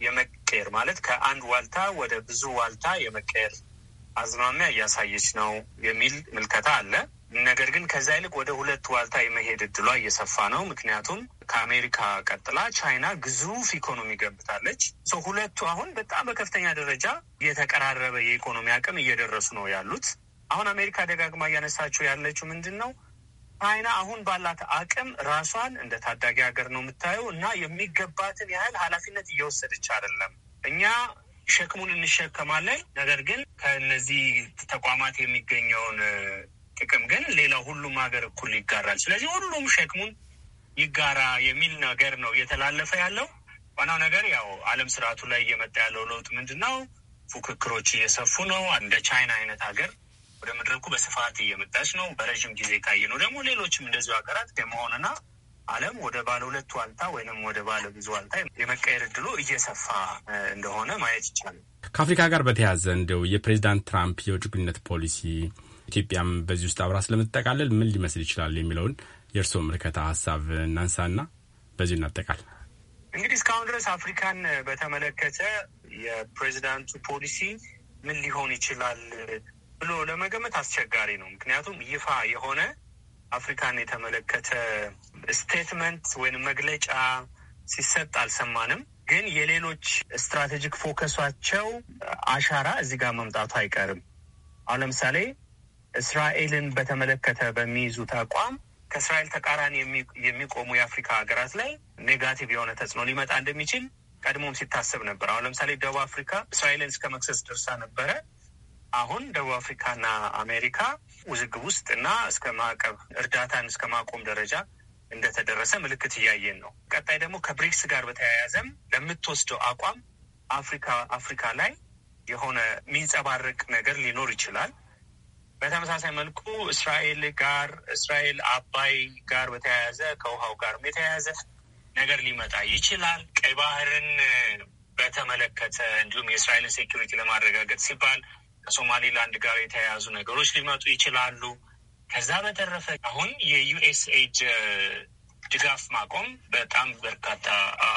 S4: የመቀየር ማለት ከአንድ ዋልታ ወደ ብዙ ዋልታ የመቀየር አዝማሚያ እያሳየች ነው የሚል ምልከታ አለ። ነገር ግን ከዛ ይልቅ ወደ ሁለት ዋልታ የመሄድ እድሏ እየሰፋ ነው። ምክንያቱም ከአሜሪካ ቀጥላ ቻይና ግዙፍ ኢኮኖሚ ገብታለች። ሁለቱ አሁን በጣም በከፍተኛ ደረጃ የተቀራረበ የኢኮኖሚ አቅም እየደረሱ ነው ያሉት። አሁን አሜሪካ ደጋግማ እያነሳችው ያለችው ምንድን ነው? ቻይና አሁን ባላት አቅም ራሷን እንደ ታዳጊ ሀገር ነው የምታየው እና የሚገባትን ያህል ኃላፊነት እየወሰደች አይደለም። እኛ ሸክሙን እንሸከማለን። ነገር ግን ከነዚህ ተቋማት የሚገኘውን ጥቅም ግን ሌላ ሁሉም ሀገር እኩል ይጋራል። ስለዚህ ሁሉም ሸክሙን ይጋራ የሚል ነገር ነው እየተላለፈ ያለው። ዋናው ነገር ያው ዓለም ስርዓቱ ላይ እየመጣ ያለው ለውጥ ምንድን ነው? ፉክክሮች እየሰፉ ነው። እንደ ቻይና አይነት ሀገር ወደ መድረኩ በስፋት እየመጣች ነው። በረዥም ጊዜ ካየ ነው ደግሞ ሌሎችም እንደዚሁ ሀገራት የመሆንና ዓለም ወደ ባለ ሁለት ዋልታ ወይም ወደ
S2: ባለ ብዙ ዋልታ የመቀየር እድሉ እየሰፋ እንደሆነ ማየት ይቻላል። ከአፍሪካ ጋር በተያያዘ እንደው የፕሬዚዳንት ትራምፕ የውጭ ግንኙነት ፖሊሲ ኢትዮጵያም በዚህ ውስጥ አብራ ስለምትጠቃለል ምን ሊመስል ይችላል የሚለውን የእርስዎ ምልከታ ሀሳብ እናንሳና በዚህ እናጠቃል።
S4: እንግዲህ እስካሁን ድረስ አፍሪካን በተመለከተ የፕሬዚዳንቱ ፖሊሲ ምን ሊሆን ይችላል ብሎ ለመገመት አስቸጋሪ ነው። ምክንያቱም ይፋ የሆነ አፍሪካን የተመለከተ ስቴትመንት ወይም መግለጫ ሲሰጥ አልሰማንም። ግን የሌሎች ስትራቴጂክ ፎከሷቸው አሻራ እዚህ ጋር መምጣቱ አይቀርም። አሁን ለምሳሌ እስራኤልን በተመለከተ በሚይዙት አቋም ከእስራኤል ተቃራኒ የሚቆሙ የአፍሪካ ሀገራት ላይ ኔጋቲቭ የሆነ ተጽዕኖ ሊመጣ እንደሚችል ቀድሞም ሲታሰብ ነበር። አሁን ለምሳሌ ደቡብ አፍሪካ እስራኤልን እስከ መክሰስ ደርሳ ነበረ። አሁን ደቡብ አፍሪካና አሜሪካ ውዝግብ ውስጥ እና እስከ ማዕቀብ እርዳታን እስከ ማቆም ደረጃ እንደተደረሰ ምልክት እያየን ነው። ቀጣይ ደግሞ ከብሪክስ ጋር በተያያዘም ለምትወስደው አቋም አፍሪካ አፍሪካ ላይ የሆነ የሚንጸባረቅ ነገር ሊኖር ይችላል። በተመሳሳይ መልኩ እስራኤል ጋር እስራኤል አባይ ጋር በተያያዘ ከውሃው ጋር የተያያዘ ነገር ሊመጣ ይችላል። ቀይ ባህርን በተመለከተ እንዲሁም የእስራኤልን ሴኪሪቲ ለማረጋገጥ ሲባል ሶማሌላንድ ጋር የተያያዙ ነገሮች ሊመጡ ይችላሉ። ከዛ በተረፈ አሁን የዩኤስኤድ ድጋፍ ማቆም በጣም በርካታ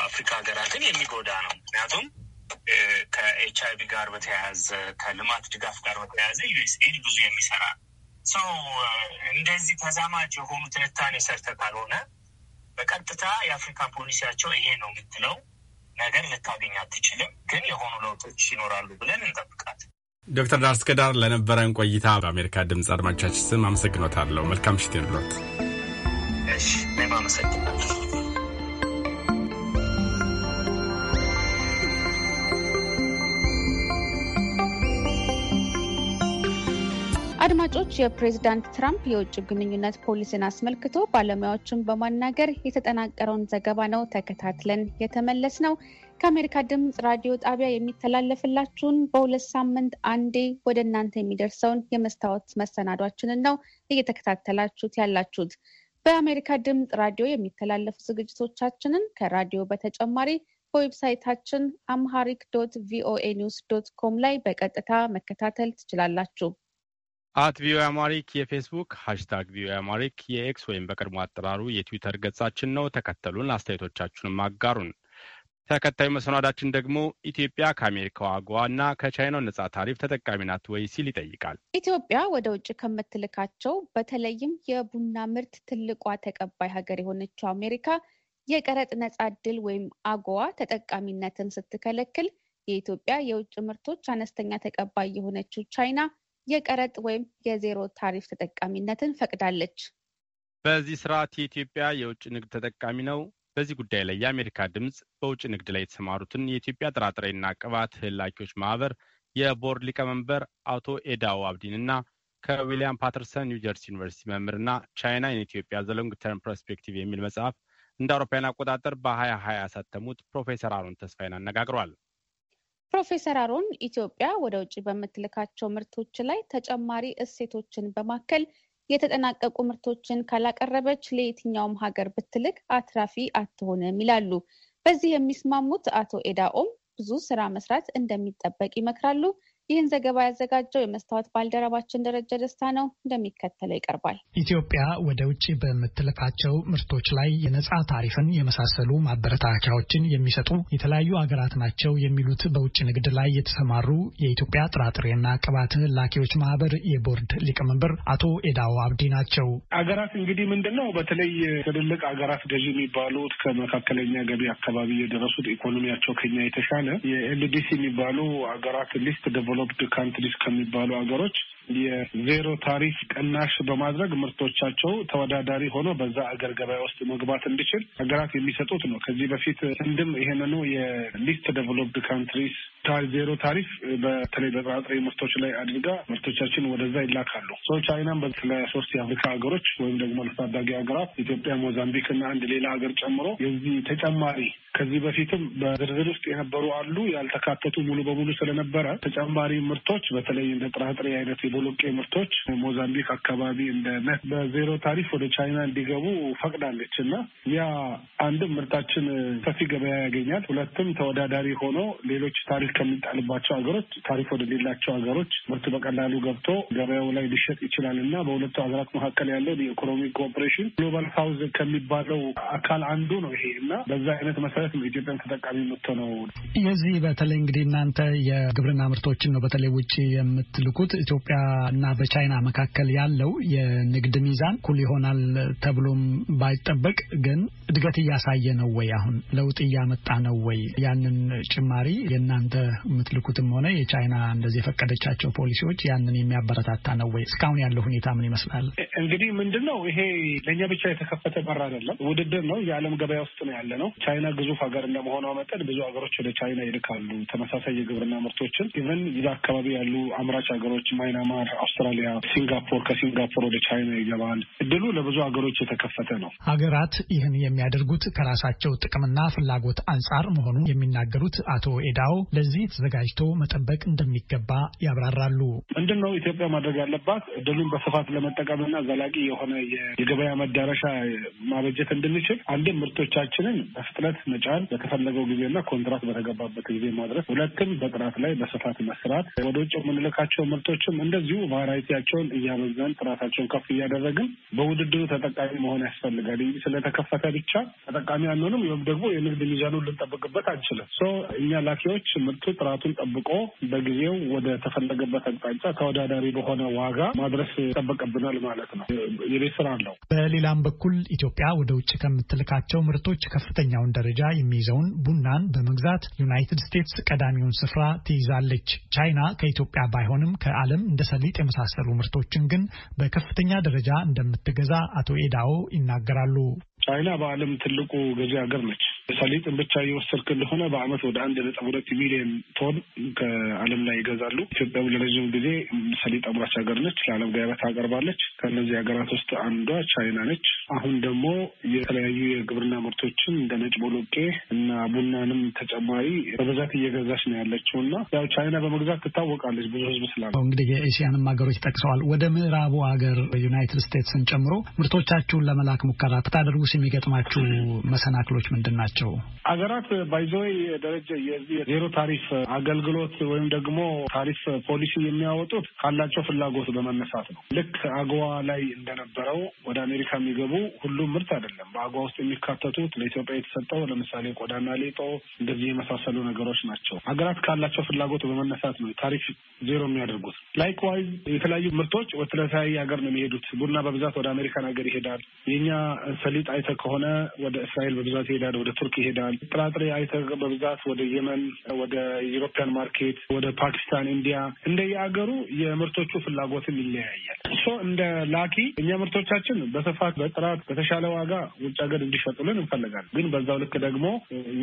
S4: አፍሪካ ሀገራትን የሚጎዳ ነው። ምክንያቱም ከኤች አይቪ ጋር በተያያዘ ከልማት ድጋፍ ጋር በተያያዘ ዩኤስኤድ ብዙ የሚሰራ ሰው እንደዚህ ተዛማጅ የሆኑ ትንታኔ ሰርተ ካልሆነ በቀጥታ የአፍሪካ ፖሊሲያቸው ይሄ ነው የምትለው ነገር ልታገኝ አትችልም። ግን የሆኑ ለውጦች ይኖራሉ ብለን እንጠብቃለን።
S2: ዶክተር ዳርስ ከዳር ለነበረን ቆይታ በአሜሪካ ድምፅ አድማጮቻችን ስም አመሰግኖታለሁ። መልካም ምሽት ይሁንልዎት።
S4: እሺ እኔም አመሰግናለሁ።
S3: አድማጮች የፕሬዝዳንት ትራምፕ የውጭ ግንኙነት ፖሊሲን አስመልክቶ ባለሙያዎችን በማናገር የተጠናቀረውን ዘገባ ነው ተከታትለን የተመለስ ነው። ከአሜሪካ ድምፅ ራዲዮ ጣቢያ የሚተላለፍላችሁን በሁለት ሳምንት አንዴ ወደ እናንተ የሚደርሰውን የመስታወት መሰናዷችንን ነው እየተከታተላችሁት ያላችሁት። በአሜሪካ ድምፅ ራዲዮ የሚተላለፉ ዝግጅቶቻችንን ከራዲዮ በተጨማሪ በዌብሳይታችን አምሃሪክ ዶት ቪኦኤ ኒውስ ዶት ኮም ላይ በቀጥታ መከታተል ትችላላችሁ።
S2: አት ቪኦኤ አማሪክ የፌስቡክ ሀሽታግ ቪኦኤ አማሪክ የኤክስ ወይም በቅድሞ አጠራሩ የትዊተር ገጻችን ነው። ተከተሉን፣ አስተያየቶቻችሁንም አጋሩን። ተከታዩ መሰናዳችን ደግሞ ኢትዮጵያ ከአሜሪካው ዋጋዋና ከቻይናው ነጻ ታሪፍ ተጠቃሚ ናት ወይ ሲል ይጠይቃል።
S3: ኢትዮጵያ ወደ ውጭ ከምትልካቸው በተለይም የቡና ምርት ትልቋ ተቀባይ ሀገር የሆነችው አሜሪካ የቀረጥ ነጻ ዕድል ወይም አጎዋ ተጠቃሚነትን ስትከለክል፣ የኢትዮጵያ የውጭ ምርቶች አነስተኛ ተቀባይ የሆነችው ቻይና የቀረጥ ወይም የዜሮ ታሪፍ ተጠቃሚነትን ፈቅዳለች።
S2: በዚህ ስርዓት የኢትዮጵያ የውጭ ንግድ ተጠቃሚ ነው። በዚህ ጉዳይ ላይ የአሜሪካ ድምፅ በውጭ ንግድ ላይ የተሰማሩትን የኢትዮጵያ ጥራጥሬና ቅባት እህል ላኪዎች ማህበር የቦርድ ሊቀመንበር አቶ ኤዳው እና ከዊሊያም ፓተርሰን ኒውጀርሲ ዩኒቨርሲቲ እና ቻይና ኢትዮጵያ ዘሎንግ ተርም ፐርስፔክቲቭ የሚል መጽሐፍ እንደ አውሮፓውያን አቆጣጠር በ2020 ያሳተሙት ፕሮፌሰር አሮን ተስፋዬን አነጋግሯል።
S3: ፕሮፌሰር አሮን ኢትዮጵያ ወደ ውጭ በምትልካቸው ምርቶች ላይ ተጨማሪ እሴቶችን በማከል የተጠናቀቁ ምርቶችን ካላቀረበች ለየትኛውም ሀገር ብትልክ አትራፊ አትሆንም ይላሉ። በዚህ የሚስማሙት አቶ ኤዳኦም ብዙ ስራ መስራት እንደሚጠበቅ ይመክራሉ። ይህን ዘገባ ያዘጋጀው የመስታወት ባልደረባችን ደረጀ ደስታ ነው፣ እንደሚከተለው ይቀርባል።
S8: ኢትዮጵያ ወደ ውጭ በምትልካቸው ምርቶች ላይ የነጻ ታሪፍን የመሳሰሉ ማበረታቻዎችን የሚሰጡ የተለያዩ ሀገራት ናቸው የሚሉት በውጭ ንግድ ላይ የተሰማሩ የኢትዮጵያ ጥራጥሬና ቅባት ላኪዎች ማህበር የቦርድ ሊቀመንበር አቶ ኤዳው አብዲ ናቸው።
S9: ሀገራት እንግዲህ ምንድን ነው በተለይ ትልልቅ ሀገራት ገዢ የሚባሉት ከመካከለኛ ገቢ አካባቢ የደረሱት ኢኮኖሚያቸው ከኛ የተሻለ የኤልዲሲ የሚባሉ ሀገራት ሊስት ዴቨሎፕድ ካንትሪስ ከሚባሉ ሀገሮች የዜሮ ታሪፍ ቅናሽ በማድረግ ምርቶቻቸው ተወዳዳሪ ሆኖ በዛ አገር ገበያ ውስጥ መግባት እንዲችል ሀገራት የሚሰጡት ነው። ከዚህ በፊት ህንድም ይሄንኑ የሊስት ዴቨሎፕድ ካንትሪስ ዜሮ ታሪፍ በተለይ በጥራጥሬ ምርቶች ላይ አድርጋ ምርቶቻችን ወደዛ ይላካሉ። ሶ ቻይናም ለሶስት የአፍሪካ ሀገሮች ወይም ደግሞ ለታዳጊ ሀገራት ኢትዮጵያ፣ ሞዛምቢክ እና አንድ ሌላ ሀገር ጨምሮ የዚህ ተጨማሪ ከዚህ በፊትም በዝርዝር ውስጥ የነበሩ አሉ ያልተካተቱ ሙሉ በሙሉ ስለነበረ ተጨማሪ ምርቶች በተለይ እንደ ጥራጥሬ አይነት ቦሎቄ ምርቶች ሞዛምቢክ አካባቢ እንደነት በዜሮ ታሪፍ ወደ ቻይና እንዲገቡ ፈቅዳለች እና ያ አንድም ምርታችን ሰፊ ገበያ ያገኛል፣ ሁለትም ተወዳዳሪ ሆኖ ሌሎች ታሪፍ ከሚጣልባቸው ሀገሮች ታሪፍ ወደሌላቸው ሀገሮች ምርቱ በቀላሉ ገብቶ ገበያው ላይ ሊሸጥ ይችላል እና በሁለቱ ሀገራት መካከል ያለው የኢኮኖሚ ኮኦፕሬሽን ግሎባል ሳውዝ ከሚባለው አካል አንዱ ነው ይሄ እና በዛ አይነት መሰረት ነው ኢትዮጵያን ተጠቃሚ የምትሆነው።
S8: የዚህ በተለይ እንግዲህ እናንተ የግብርና ምርቶችን ነው በተለይ ውጭ የምትልኩት ኢትዮጵያ እና በቻይና መካከል ያለው የንግድ ሚዛን እኩል ይሆናል ተብሎም ባይጠበቅ ግን እድገት እያሳየ ነው ወይ? አሁን ለውጥ እያመጣ ነው ወይ? ያንን ጭማሪ የእናንተ የምትልኩትም ሆነ የቻይና እንደዚህ የፈቀደቻቸው ፖሊሲዎች ያንን የሚያበረታታ ነው ወይ? እስካሁን ያለው ሁኔታ ምን ይመስላል?
S9: እንግዲህ ምንድን ነው ይሄ ለእኛ ብቻ የተከፈተ በር አይደለም፣ ውድድር ነው። የዓለም ገበያ ውስጥ ነው ያለ ነው። ቻይና ግዙፍ ሀገር እንደመሆኗ መጠን ብዙ ሀገሮች ወደ ቻይና ይልካሉ ተመሳሳይ የግብርና ምርቶችን ኢቨን እዛ አካባቢ ያሉ አምራች ሀገሮች ማይናማ አውስትራሊያ፣ ሲንጋፖር፣ ከሲንጋፖር ወደ ቻይና ይገባል። እድሉ ለብዙ ሀገሮች የተከፈተ ነው።
S8: ሀገራት ይህን የሚያደርጉት ከራሳቸው ጥቅምና ፍላጎት አንጻር መሆኑን የሚናገሩት አቶ ኤዳው ለዚህ ተዘጋጅቶ መጠበቅ እንደሚገባ ያብራራሉ።
S9: ምንድን ነው ኢትዮጵያ ማድረግ ያለባት እድሉን በስፋት ለመጠቀምና ዘላቂ የሆነ የገበያ መዳረሻ ማበጀት እንድንችል አንድም ምርቶቻችንን በፍጥነት መጫን በተፈለገው ጊዜና ኮንትራት በተገባበት ጊዜ ማድረስ፣ ሁለትም በጥራት ላይ በስፋት መስራት፣ ወደ ውጭ የምንልካቸው ምርቶችም እንደዚ እንደዚሁ ቫራይቲያቸውን እያበዛን ጥራታቸውን ከፍ እያደረግን በውድድሩ ተጠቃሚ መሆን ያስፈልጋል። ስለተከፈተ ብቻ ተጠቃሚ አንሆንም፣ ወይም ደግሞ የንግድ ሚዛኑን ልንጠብቅበት አንችልም። ሶ እኛ ላኪዎች ምርቱ ጥራቱን ጠብቆ በጊዜው ወደ ተፈለገበት አቅጣጫ ተወዳዳሪ በሆነ ዋጋ ማድረስ ይጠበቅብናል ማለት ነው። የቤት ስራ አለው።
S8: በሌላም በኩል ኢትዮጵያ ወደ ውጭ ከምትልካቸው ምርቶች ከፍተኛውን ደረጃ የሚይዘውን ቡናን በመግዛት ዩናይትድ ስቴትስ ቀዳሚውን ስፍራ ትይዛለች። ቻይና ከኢትዮጵያ ባይሆንም ከዓለም እንደ ሰሊጥ የመሳሰሉ ምርቶችን ግን በከፍተኛ ደረጃ እንደምትገዛ አቶ
S9: ኤዳኦ ይናገራሉ። ቻይና በዓለም ትልቁ ገዢ ሀገር ነች። ሰሊጥን ብቻ እየወሰድክ እንደሆነ በዓመት ወደ አንድ ነጥብ ሁለት ሚሊዮን ቶን ከዓለም ላይ ይገዛሉ። ኢትዮጵያም ለረዥም ጊዜ ሰሊጥ አምራች ሀገር ነች፣ ለዓለም ገበያ ታቀርባለች። ከእነዚህ ሀገራት ውስጥ አንዷ ቻይና ነች። አሁን ደግሞ የተለያዩ የግብርና ምርቶችን እንደ ነጭ ቦሎቄ እና ቡናንም ተጨማሪ በብዛት እየገዛች ነው ያለችው እና ያው ቻይና በመግዛት ትታወቃለች ብዙ ህዝብ ስላለ
S8: እንግዲህ የኤሲያንም ሀገሮች ጠቅሰዋል። ወደ ምዕራቡ ሀገር ዩናይትድ ስቴትስን ጨምሮ ምርቶቻችሁን ለመላክ ሙከራ ታደርጉ የሚገጥማችሁ መሰናክሎች ምንድን ናቸው?
S9: አገራት ባይዘወይ ደረጀ የዚህ ዜሮ ታሪፍ አገልግሎት ወይም ደግሞ ታሪፍ ፖሊሲ የሚያወጡት ካላቸው ፍላጎት በመነሳት ነው። ልክ አግዋ ላይ እንደነበረው ወደ አሜሪካ የሚገቡ ሁሉም ምርት አይደለም። በአግዋ ውስጥ የሚካተቱት ለኢትዮጵያ የተሰጠው ለምሳሌ ቆዳና ሌጦ እንደዚህ የመሳሰሉ ነገሮች ናቸው። ሀገራት ካላቸው ፍላጎት በመነሳት ነው ታሪፍ ዜሮ የሚያደርጉት። ላይክዋይዝ የተለያዩ ምርቶች ወደ ተለያየ ሀገር ነው የሚሄዱት። ቡና በብዛት ወደ አሜሪካን ሀገር ይሄዳል። የእኛ ሰሊጥ አይተ ከሆነ ወደ እስራኤል በብዛት ይሄዳል፣ ወደ ቱርክ ይሄዳል። ጥራጥሬ አይተ በብዛት ወደ የመን፣ ወደ ዩሮፒያን ማርኬት፣ ወደ ፓኪስታን፣ ኢንዲያ እንደየአገሩ የምርቶቹ ፍላጎትም ይለያያል። እሶ እንደ ላኪ እኛ ምርቶቻችን በስፋት በጥራት በተሻለ ዋጋ ውጭ ሀገር እንዲሸጡልን እንፈልጋለን። ግን በዛው ልክ ደግሞ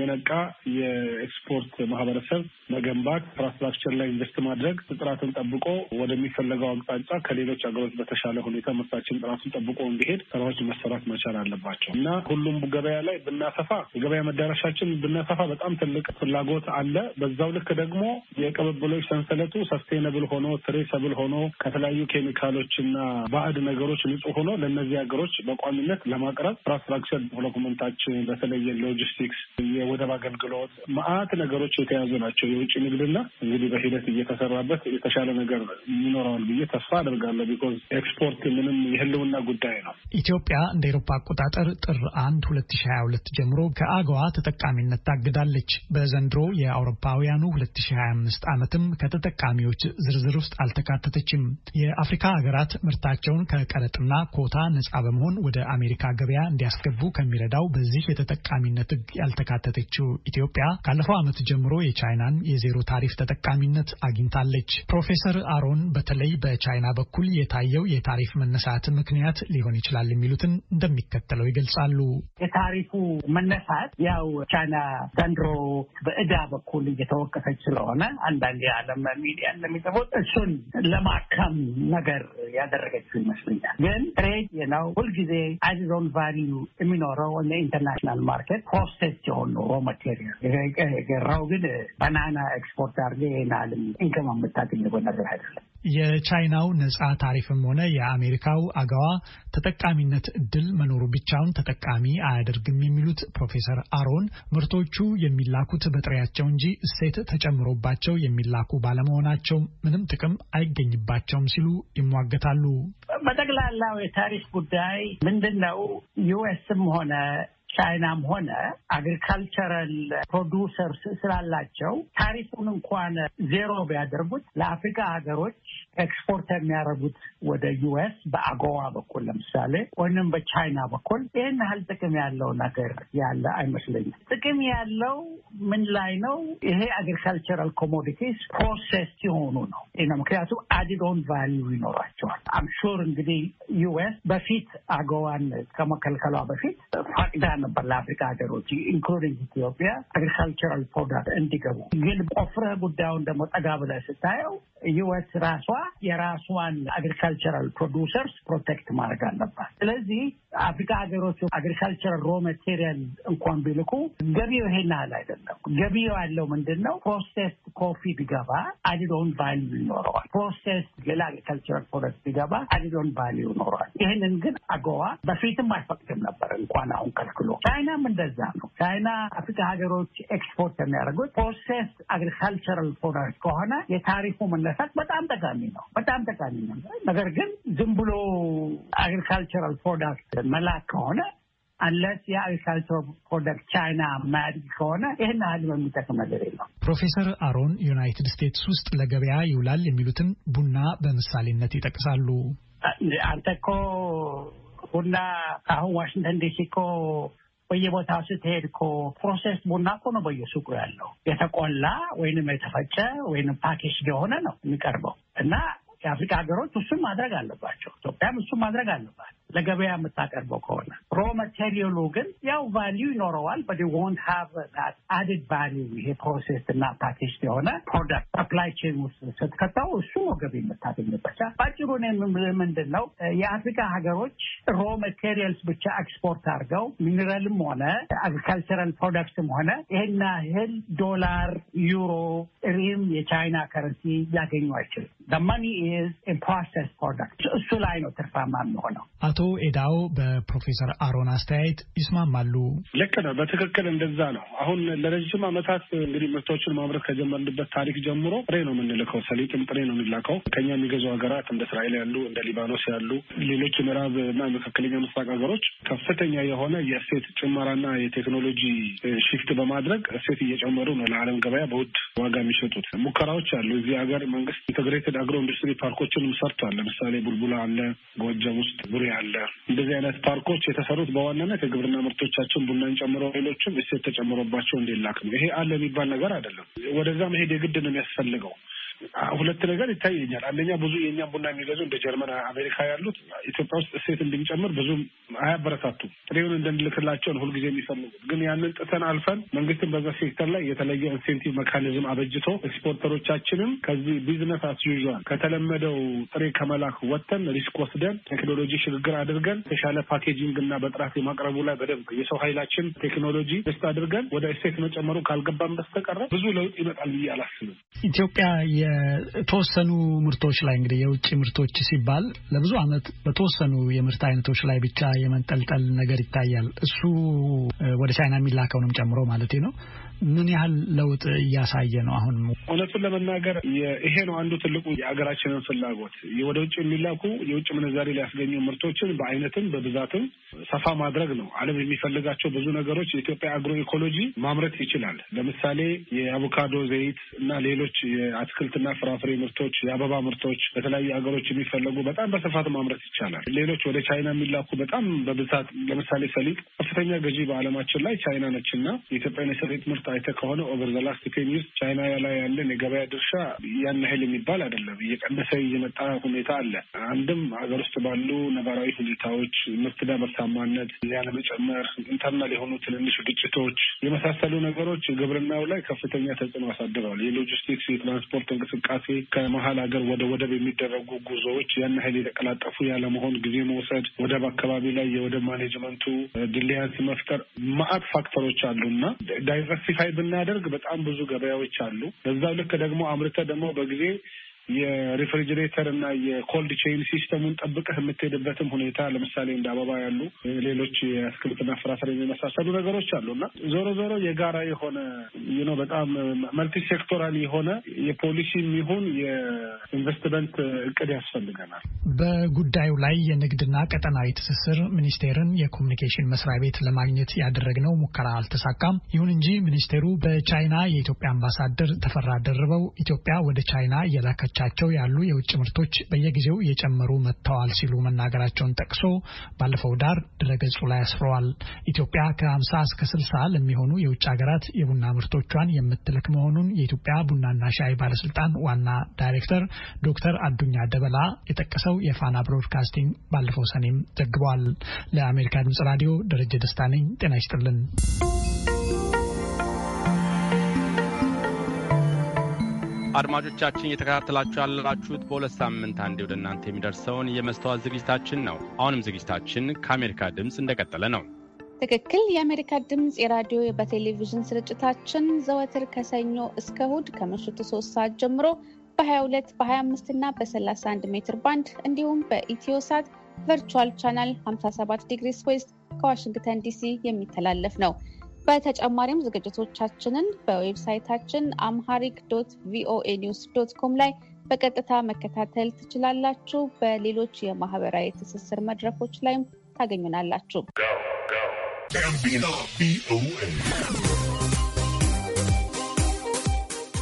S9: የነቃ የኤክስፖርት ማህበረሰብ መገንባት ኢንፍራስትራክቸር ላይ ኢንቨስት ማድረግ ጥራትን ጠብቆ ወደሚፈለገው አቅጣጫ ከሌሎች ሀገሮች በተሻለ ሁኔታ ምርታችን ጥራቱን ጠብቆ እንዲሄድ ስራዎች መሰራት መቻል አለባቸው። ናቸው እና ሁሉም ገበያ ላይ ብናሰፋ የገበያ መዳረሻችን ብናሰፋ በጣም ትልቅ ፍላጎት አለ። በዛው ልክ ደግሞ የቅብብሎች ሰንሰለቱ ሰስቴነብል ሆኖ ትሬሰብል ሆኖ ከተለያዩ ኬሚካሎችና ባዕድ ነገሮች ንጹህ ሆኖ ለእነዚህ ሀገሮች በቋሚነት ለማቅረብ ኢንፍራስትራክቸር ዴቨሎፕመንታችን በተለየ ሎጂስቲክስ፣ የወደብ አገልግሎት መአት ነገሮች የተያዙ ናቸው። የውጭ ንግድና እንግዲህ በሂደት እየተሰራበት የተሻለ ነገር ይኖረዋል ብዬ ተስፋ አደርጋለሁ። ቢኮዝ ኤክስፖርት ምንም የህልውና ጉዳይ ነው።
S8: ኢትዮጵያ እንደ ኤሮፓ አቆጣጠር ጥር 1 2022 ጀምሮ ከአገዋ ተጠቃሚነት ታግዳለች። በዘንድሮ የአውሮፓውያኑ 2025 ዓመትም ከተጠቃሚዎች ዝርዝር ውስጥ አልተካተተችም። የአፍሪካ ሀገራት ምርታቸውን ከቀረጥና ኮታ ነጻ በመሆን ወደ አሜሪካ ገበያ እንዲያስገቡ ከሚረዳው በዚህ የተጠቃሚነት ሕግ ያልተካተተችው ኢትዮጵያ ካለፈው ዓመት ጀምሮ የቻይናን የዜሮ ታሪፍ ተጠቃሚነት አግኝታለች። ፕሮፌሰር አሮን በተለይ በቻይና በኩል የታየው የታሪፍ መነሳት ምክንያት ሊሆን ይችላል የሚሉትን እንደሚከተለው ይገልጻል። ይገልጻሉ።
S10: የታሪፉ መነሳት ያው ቻይና ዘንድሮ በእዳ በኩል እየተወቀሰች ስለሆነ አንዳንድ የዓለም ሚዲያ እንደሚጽፉት እሱን ለማከም ነገር ያደረገችው ይመስለኛል። ግን ትሬድ ነው ሁልጊዜ አይዞን ቫሊዩ የሚኖረው ኢንተርናሽናል ማርኬት ፕሮሴስ የሆኑ ሮ ማቴሪያል የገራው ግን ባናና ኤክስፖርት አድርገህ ይናል ኢንከም የምታገኝ ነገር አይደለም።
S8: የቻይናው ነፃ ታሪፍም ሆነ የአሜሪካው አገዋ ተጠቃሚነት እድል መኖሩ ብቻውን ተጠቃሚ አያደርግም የሚሉት ፕሮፌሰር አሮን ምርቶቹ የሚላኩት በጥሬያቸው እንጂ እሴት ተጨምሮባቸው የሚላኩ ባለመሆናቸው ምንም ጥቅም አይገኝባቸውም ሲሉ ይሟገታሉ።
S10: በጠቅላላው የታሪፍ ጉዳይ ምንድን ነው? ዩኤስም ሆነ ቻይናም ሆነ አግሪካልቸራል ፕሮዱሰርስ ስላላቸው ታሪፉን እንኳን ዜሮ ቢያደርጉት ለአፍሪካ ሀገሮች ኤክስፖርት የሚያደርጉት ወደ ዩኤስ በአጎዋ በኩል ለምሳሌ ወይም በቻይና በኩል ይህን ያህል ጥቅም ያለው ነገር ያለ አይመስለኝም። ጥቅም ያለው ምን ላይ ነው? ይሄ አግሪካልቸራል ኮሞዲቲስ ፕሮሴስ ሲሆኑ ነው ነው ምክንያቱም አዲዶን ቫሊዩ ይኖራቸዋል። አምሹር እንግዲህ ዩኤስ በፊት አጎዋን ከመከልከሏ በፊት ፈቅዳ ነበር ለአፍሪካ ሀገሮች ኢንክሉዲንግ ኢትዮጵያ አግሪካልቸራል ፕሮዳክት እንዲገቡ። ግን ቆፍረህ ጉዳዩን ደግሞ ጠጋ ብለህ ስታየው ዩኤስ ራሷ የራሷን አግሪካልቸራል ፕሮዲውሰርስ ፕሮቴክት ማድረግ አለባት። ስለዚህ አፍሪካ ሀገሮች አግሪካልቸራል ሮ ማቴሪያል እንኳን ቢልኩ ገቢው ይሄን ያህል አይደለም። ገቢው ያለው ምንድን ነው? ፕሮሴስ ኮፊ ቢገባ አዲዶን ቫሊዩ ይኖረዋል። ፕሮሴስ ሌላ አግሪካልቸራል ፕሮደክት ቢገባ አዲዶን ቫሊዩ ይኖረዋል። ይህንን ግን አገዋ በፊትም አይፈቅድም ነበር እንኳን አሁን ከልክሎ። ቻይናም እንደዛ ነው። ቻይና አፍሪካ ሀገሮች ኤክስፖርት የሚያደርጉት ፕሮሴስ አግሪካልቸራል ፕሮዳክት ከሆነ የታሪፉ መነ ማበረታታት በጣም ጠቃሚ ነው፣ በጣም ጠቃሚ ነው። ነገር ግን ዝም ብሎ አግሪካልቸራል ፕሮዳክት መላክ ከሆነ አለስ የአግሪካልቸር ፕሮዳክት ቻይና ማያድግ ከሆነ ይህን ያህል የሚጠቅም ነገር የለው።
S8: ፕሮፌሰር አሮን ዩናይትድ ስቴትስ ውስጥ ለገበያ ይውላል የሚሉትን ቡና በምሳሌነት ይጠቅሳሉ።
S10: አንተ እኮ ቡና አሁን ዋሽንግተን ዲሲ እኮ በየቦታው ስትሄድ እኮ ፕሮሴስ ቡና እኮ ነው በየሱቁ ያለው የተቆላ ወይንም የተፈጨ ወይንም ፓኬጅ የሆነ ነው የሚቀርበው እና የአፍሪካ ሀገሮች እሱን ማድረግ አለባቸው። ኢትዮጵያም እሱን ማድረግ አለባት ለገበያ የምታቀርበው ከሆነ ሮ ማቴሪያሉ ግን ያው ቫሊዩ ይኖረዋል በዲ ወንት ሃቭ ዛት አድድ ቫሊዩ ይሄ ፕሮሴስ እና ፓኬጅ የሆነ ፕሮዳክት ሰፕላይ ቼን ውስጥ ስትከታው እሱ ነው ገቢ የምታገኝበቻ። ባጭሩ ምንድን ነው የአፍሪካ ሀገሮች ሮ ማቴሪያልስ ብቻ ኤክስፖርት አድርገው ሚኒራልም ሆነ አግሪካልቸራል ፕሮዳክትም ሆነ ይሄን ያህል ዶላር፣ ዩሮ ሪም የቻይና ከረንሲ ሊያገኙ አይችልም። ደማኒ
S8: ፕሮሰስ ፕሮዳክት እሱ ላይ ነው ትርፋማ የሚሆነው። አቶ ኤዳው በፕሮፌሰር አሮን አስተያየት ይስማማሉ።
S9: ልክ ነው፣ በትክክል እንደዛ ነው። አሁን ለረዥም ዓመታት እንግዲህ ምርቶችን ማምረት ከጀመርንበት ታሪክ ጀምሮ ጥሬ ነው የምንልከው፣ ሰሊጥም ጥሬ ነው የሚላከው። ከኛ የሚገዙ ሀገራት እንደ እስራኤል ያሉ እንደ ሊባኖስ ያሉ ሌሎች ምዕራብ እና መካከለኛ ምስራቅ ሀገሮች ከፍተኛ የሆነ የእሴት ጭመራና የቴክኖሎጂ ሽፍት በማድረግ እሴት እየጨመሩ ነው ለዓለም ገበያ በውድ ዋጋ የሚሸጡት። ሙከራዎች አሉ። እዚህ ሀገር መንግስት ኢንተግሬትድ አግሮ ኢንዱስትሪ ፓርኮችንም ሰርቷል። ለምሳሌ ቡልቡላ አለ፣ ጎጀ ውስጥ ቡሬ አለ። እንደዚህ አይነት ፓርኮች የተሰሩት በዋናነት የግብርና ምርቶቻቸውን ቡናን ጨምሮ ሌሎችም እሴት ተጨምሮባቸው እንዲላክም ይሄ አለ የሚባል ነገር አይደለም። ወደዛ መሄድ የግድ ነው የሚያስፈልገው። ሁለት ነገር ይታየኛል። አንደኛ ብዙ የእኛም ቡና የሚገዙ እንደ ጀርመን፣ አሜሪካ ያሉት ኢትዮጵያ ውስጥ እሴት እንድንጨምር ብዙም አያበረታቱም። ጥሬውን እንደንልክላቸውን ሁልጊዜ የሚፈልጉት ግን ያንን ጥተን አልፈን መንግስትን በዛ ሴክተር ላይ የተለየ ኢንሴንቲቭ መካኒዝም አበጅቶ ኤክስፖርተሮቻችንም ከዚህ ቢዝነስ አስዩዟል ከተለመደው ጥሬ ከመላክ ወጥተን ሪስክ ወስደን ቴክኖሎጂ ሽግግር አድርገን የተሻለ ፓኬጂንግ እና በጥራት የማቅረቡ ላይ በደንብ የሰው ኃይላችን ቴክኖሎጂ ደስት አድርገን ወደ እሴት መጨመሩ ካልገባን በስተቀረ ብዙ ለውጥ ይመጣል ብዬ አላስብም።
S8: ኢትዮጵያ የተወሰኑ ምርቶች ላይ እንግዲህ የውጭ ምርቶች ሲባል ለብዙ ዓመት በተወሰኑ የምርት አይነቶች ላይ ብቻ የመንጠልጠል ነገር ይታያል። እሱ ወደ ቻይና የሚላከውንም ጨምሮ ማለት ነው። ምን ያህል ለውጥ እያሳየ ነው? አሁን
S9: እውነቱን ለመናገር ይሄ ነው አንዱ ትልቁ የሀገራችንን ፍላጎት ወደ ውጭ የሚላኩ የውጭ ምንዛሪ ሊያስገኙ ምርቶችን በአይነትም በብዛትም ሰፋ ማድረግ ነው። ዓለም የሚፈልጋቸው ብዙ ነገሮች የኢትዮጵያ አግሮ ኢኮሎጂ ማምረት ይችላል። ለምሳሌ የአቮካዶ ዘይት እና ሌሎች የአትክልትና ፍራፍሬ ምርቶች፣ የአበባ ምርቶች በተለያዩ ሀገሮች የሚፈለጉ በጣም በስፋት ማምረት ይቻላል። ሌሎች ወደ ቻይና የሚላኩ በጣም በብዛት ለምሳሌ ሰሊጥ ከፍተኛ ገዢ በዓለማችን ላይ ቻይና ነች እና የኢትዮጵያን የሰሊጥ ምርት ውስጥ አይተ ከሆነ ኦቨር ዘ ላስት ቴን ይርስ ቻይና ላይ ያለን የገበያ ድርሻ ያን ያህል የሚባል አይደለም። እየቀነሰ እየመጣ ሁኔታ አለ። አንድም ሀገር ውስጥ ባሉ ነባራዊ ሁኔታዎች ምርትና ምርታማነት ያለመጨመር፣ ኢንተርናል የሆኑ ትንንሽ ግጭቶች የመሳሰሉ ነገሮች ግብርናው ላይ ከፍተኛ ተጽዕኖ አሳድረዋል። የሎጂስቲክስ የትራንስፖርት እንቅስቃሴ ከመሀል ሀገር ወደ ወደብ የሚደረጉ ጉዞዎች ያን ያህል የተቀላጠፉ ያለመሆን፣ ጊዜ መውሰድ፣ ወደብ አካባቢ ላይ የወደብ ማኔጅመንቱ ድሊያንስ መፍጠር፣ ማአት ፋክተሮች አሉና ዳይቨርሲ አይደንቲፋይ ብናደርግ በጣም ብዙ ገበያዎች አሉ። በዛው ልክ ደግሞ አምርተ ደግሞ በጊዜ የሪፍሪጅሬተር እና የኮልድ ቼይን ሲስተሙን ጠብቀህ የምትሄድበትም ሁኔታ ለምሳሌ እንደ አበባ ያሉ ሌሎች የአትክልትና ፍራፍሬ የመሳሰሉ ነገሮች አሉ እና ዞሮ ዞሮ የጋራ የሆነ ነው በጣም መልቲ ሴክቶራል የሆነ የፖሊሲም ይሁን የኢንቨስትመንት እቅድ ያስፈልገናል።
S8: በጉዳዩ ላይ የንግድና ቀጠናዊ ትስስር ሚኒስቴርን የኮሚኒኬሽን መስሪያ ቤት ለማግኘት ያደረግነው ሙከራ አልተሳካም። ይሁን እንጂ ሚኒስቴሩ በቻይና የኢትዮጵያ አምባሳደር ተፈራ ደርበው ኢትዮጵያ ወደ ቻይና እየላከች በየሱቆቻቸው ያሉ የውጭ ምርቶች በየጊዜው እየጨመሩ መጥተዋል ሲሉ መናገራቸውን ጠቅሶ ባለፈው ዳር ድረገጹ ላይ አስፍረዋል። ኢትዮጵያ ከ50 እስከ 60 ለሚሆኑ የውጭ ሀገራት የቡና ምርቶቿን የምትልክ መሆኑን የኢትዮጵያ ቡናና ሻይ ባለስልጣን ዋና ዳይሬክተር ዶክተር አዱኛ ደበላ የጠቀሰው የፋና ብሮድካስቲንግ ባለፈው ሰኔም ዘግቧል። ለአሜሪካ ድምጽ ራዲዮ ደረጀ ደስታ ነኝ። ጤና ይስጥልን።
S2: አድማጮቻችን እየተከታተላችሁ ያላችሁት በሁለት ሳምንት አንዴ ወደ እናንተ የሚደርሰውን የመስተዋት ዝግጅታችን ነው። አሁንም ዝግጅታችን ከአሜሪካ ድምፅ እንደቀጠለ ነው።
S3: ትክክል። የአሜሪካ ድምፅ የራዲዮ በቴሌቪዥን ስርጭታችን ዘወትር ከሰኞ እስከ እሁድ ከምሽቱ ሶስት ሰዓት ጀምሮ በ22 በ25 እና በ31 ሜትር ባንድ እንዲሁም በኢትዮ ሳት ቨርቹዋል ቻናል 57 ዲግሪስ ዌስት ከዋሽንግተን ዲሲ የሚተላለፍ ነው። በተጨማሪም ዝግጅቶቻችንን በዌብሳይታችን አምሃሪክ ዶት ቪኦኤ ኒውስ ዶት ኮም ላይ በቀጥታ መከታተል ትችላላችሁ። በሌሎች የማህበራዊ ትስስር መድረኮች ላይም ታገኙናላችሁ።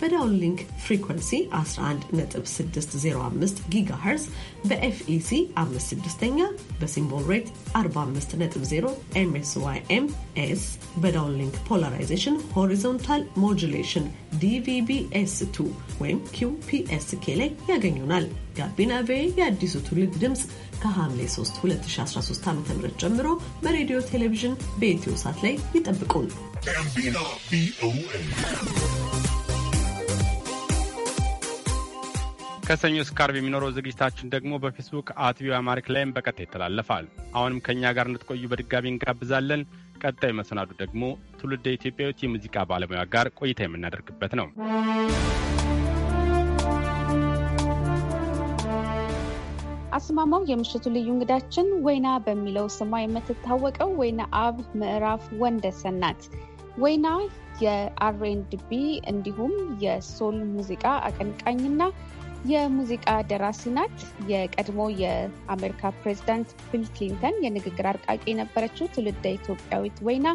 S5: በዳውን ሊንክ ፍሪኩንሲ 11605 ጊጋሃርዝ በኤፍኢሲ 56ኛ በሲምቦል ሬት 450 ኤምኤስዋኤምኤስ በዳውን ሊንክ ፖላራይዜሽን ሆሪዞንታል ሞጁሌሽን ዲቪቢኤስ2 ወይም ኪውፒኤስኬ ላይ ያገኙናል። ጋቢና ቬ የአዲሱ ትውልድ ድምፅ ከሐምሌ 3 2013 ዓ ም ጀምሮ በሬዲዮ ቴሌቪዥን በኢትዮ ሳት ላይ ይጠብቁን።
S2: ከሰኞ እስከ ዓርብ የሚኖረው ዝግጅታችን ደግሞ በፌስቡክ አትቪ አማሪክ ላይም በቀጥታ ይተላለፋል። አሁንም ከእኛ ጋር እንድትቆዩ በድጋሚ እንጋብዛለን። ቀጣዩ መሰናዱ ደግሞ ትውልደ ኢትዮጵያዊት የሙዚቃ ባለሙያ ጋር ቆይታ የምናደርግበት ነው።
S3: አስማማው የምሽቱ ልዩ እንግዳችን ወይና በሚለው ስሟ የምትታወቀው ወይና አብ ምዕራፍ ወንደሰን ናት። ወይና የአርኤንድቢ እንዲሁም የሶል ሙዚቃ አቀንቃኝና የሙዚቃ ደራሲ ናት። የቀድሞ የአሜሪካ ፕሬዚዳንት ቢል ክሊንተን የንግግር አርቃቂ የነበረችው ትውልደ ኢትዮጵያዊት ወይና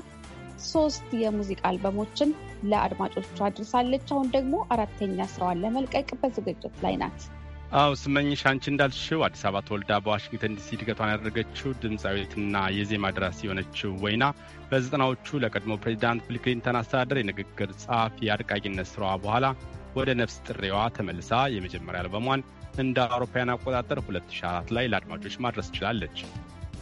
S3: ሶስት የሙዚቃ አልበሞችን ለአድማጮቿ አድርሳለች። አሁን ደግሞ አራተኛ ስራዋን ለመልቀቅ በዝግጅት ላይ ናት።
S2: አው ስመኝሽ፣ አንቺ እንዳልሽው አዲስ አበባ ተወልዳ በዋሽንግተን ዲሲ ድገቷን ያደረገችው ድምፃዊትና የዜማ ደራሲ የሆነችው ወይና በዘጠናዎቹ ለቀድሞ ፕሬዚዳንት ቢል ክሊንተን አስተዳደር የንግግር ጸሐፊ አድቃቂነት ስራዋ በኋላ ወደ ነፍስ ጥሬዋ ተመልሳ የመጀመሪያ አልበሟን እንደ አውሮፓውያን አቆጣጠር 2004 ላይ ለአድማጮች ማድረስ ችላለች።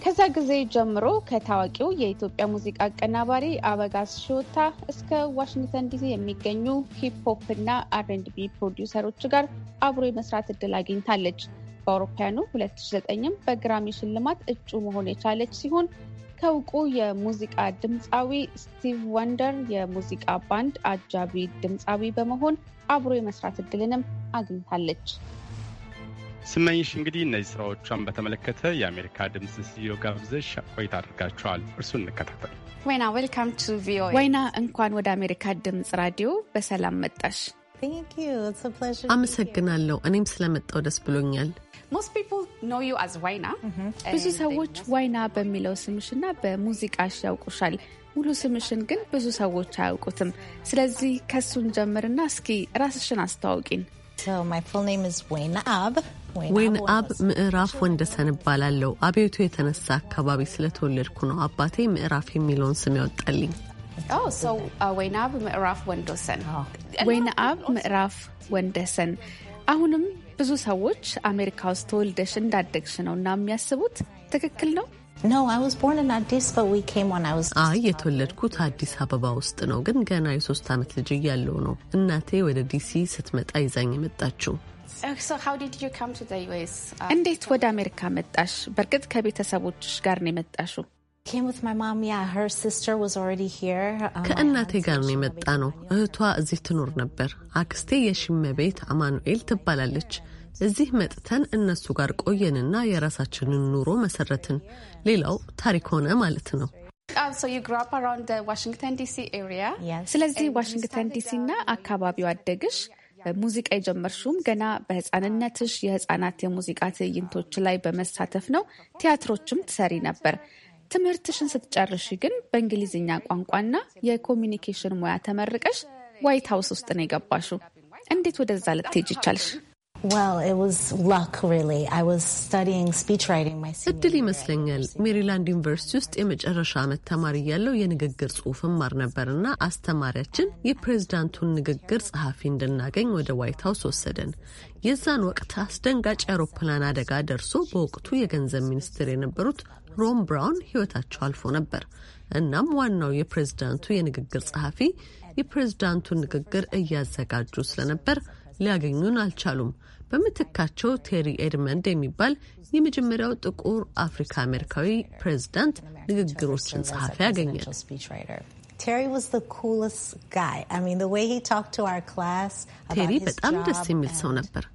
S3: ከዛ ጊዜ ጀምሮ ከታዋቂው የኢትዮጵያ ሙዚቃ አቀናባሪ አበጋዝ ሽወታ እስከ ዋሽንግተን ዲሲ የሚገኙ ሂፕሆፕ እና አርንድቢ ፕሮዲውሰሮች ጋር አብሮ የመስራት እድል አግኝታለች። በአውሮፓውያኑ 2009ም በግራሚ ሽልማት እጩ መሆን የቻለች ሲሆን ከእውቁ የሙዚቃ ድምፃዊ ስቲቭ ወንደር የሙዚቃ ባንድ አጃቢ ድምፃዊ በመሆን አብሮ የመስራት እድልንም አግኝታለች።
S2: ስመኝሽ እንግዲህ እነዚህ ስራዎቿን በተመለከተ የአሜሪካ ድምፅ ስቱዲዮ ጋብዘሽ ቆይታ አድርጋቸዋል እርሱን እንከታተል።
S3: ወይና፣ ዌልካም ቱ ቪኦኤ። ወይና፣ እንኳን ወደ አሜሪካ ድምፅ ራዲዮ በሰላም መጣሽ።
S5: አመሰግናለሁ። እኔም ስለመጣው ደስ ብሎኛል።
S3: mm-hmm. ብዙ ሰዎች ዋይና በሚለው ስምሽና በሙዚቃሽ ያውቁሻል። ሙሉ ስምሽን ግን ብዙ ሰዎች አያውቁትም። ስለዚህ ከሱን ጀምርና እስኪ ራስሽን አስተዋውቂን።
S5: ወይን አብ ምዕራፍ ወንደሰን እባላለሁ። አብዮቱ የተነሳ አካባቢ ስለተወለድኩ ነው አባቴ ምዕራፍ የሚለውን ስም ያወጣልኝ።
S3: ሰው oh, uh, ምዕራፍ ወንደሰን ምዕራፍ ወንደሰን። አሁንም ብዙ ሰዎች አሜሪካ ውስጥ ተወልደሽ እንዳደግሽ ነው እና የሚያስቡት ትክክል ነው?
S5: አይ የተወለድኩት አዲስ አበባ ውስጥ ነው፣ ግን ገና የሶስት ዓመት ልጅ እያለው ነው እናቴ ወደ ዲሲ ስትመጣ ይዛኝ የመጣችው።
S3: oh, uh, እንዴት ወደ አሜሪካ መጣሽ? በእርግጥ ከቤተሰቦች ጋር ነው የመጣሽው? Um,
S5: ከእናቴ ጋር ነው የመጣ ነው። እህቷ እዚህ ትኖር ነበር። አክስቴ የሽመቤት አማኑኤል ትባላለች። እዚህ መጥተን እነሱ ጋር ቆየንና የራሳችንን ኑሮ መሰረትን። ሌላው ታሪክ ሆነ ማለት ነው። oh, ስለዚህ
S3: ዋሽንግተን ዲሲና uh, አካባቢው አደግሽ። ሙዚቃ የጀመርሽውም ገና በህፃንነትሽ የህፃናት የሙዚቃ ትዕይንቶች ላይ በመሳተፍ ነው። ቲያትሮችም ትሰሪ ነበር። ትምህርትሽን ስትጨርሽ ግን በእንግሊዝኛ ቋንቋና የኮሚኒኬሽን ሙያ ተመርቀሽ ዋይት ሀውስ ውስጥ ነው የገባሹ። እንዴት ወደዛ ልትሄጅ ይቻልሽ?
S5: እድል ይመስለኛል። ሜሪላንድ ዩኒቨርሲቲ ውስጥ የመጨረሻ ዓመት ተማሪ ያለው የንግግር ጽሑፍ ማር ነበርና አስተማሪያችን የፕሬዝዳንቱን ንግግር ጸሐፊ እንድናገኝ ወደ ዋይት ሀውስ ወሰደን። የዛን ወቅት አስደንጋጭ የአውሮፕላን አደጋ ደርሶ በወቅቱ የገንዘብ ሚኒስትር የነበሩት ሮም ብራውን ህይወታቸው አልፎ ነበር። እናም ዋናው የፕሬዝዳንቱ የንግግር ጸሐፊ የፕሬዝዳንቱን ንግግር እያዘጋጁ ስለነበር ሊያገኙን አልቻሉም። በምትካቸው ቴሪ ኤድመንድ የሚባል የመጀመሪያው ጥቁር አፍሪካ አሜሪካዊ ፕሬዝዳንት ንግግሮችን ጸሐፊ ያገኛል።
S11: ቴሪ በጣም ደስ የሚል
S5: ሰው ነበር።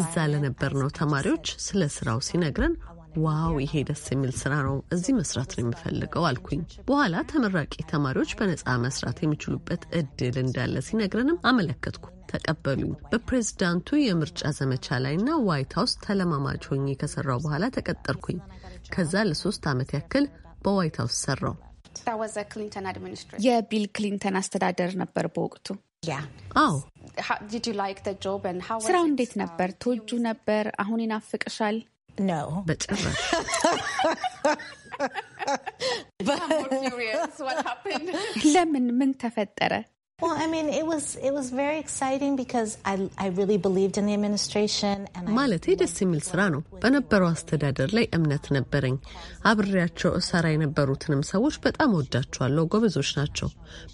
S5: እዛ ለነበር ነው ተማሪዎች ስለ ስራው ሲነግረን ዋው ይሄ ደስ የሚል ስራ ነው፣ እዚህ መስራት ነው የምፈልገው አልኩኝ። በኋላ ተመራቂ ተማሪዎች በነፃ መስራት የሚችሉበት እድል እንዳለ ሲነግረንም አመለከትኩ። ተቀበሉኝ። በፕሬዝዳንቱ የምርጫ ዘመቻ ላይና ዋይት ሀውስ ተለማማጅ ሆኜ ከሰራው በኋላ ተቀጠርኩኝ። ከዛ ለሶስት ዓመት ያክል በዋይት ሀውስ ሰራው። የቢል ክሊንተን አስተዳደር ነበር በወቅቱ። አዎ
S3: ስራው እንዴት ነበር? ቶጁ ነበር? አሁን ይናፍቅሻል? No. But tell us. ለምን ምን ተፈጠረ?
S11: Well, I mean, it was it was very exciting
S5: because I I really believed in the administration and ማለቴ ደስ የሚል ስራ ነው። በነበረው አስተዳደር ላይ እምነት ነበረኝ። አብሬያቸው እሰራ የነበሩትንም ሰዎች በጣም ወዳቸዋለሁ። ጎበዞች ናቸው።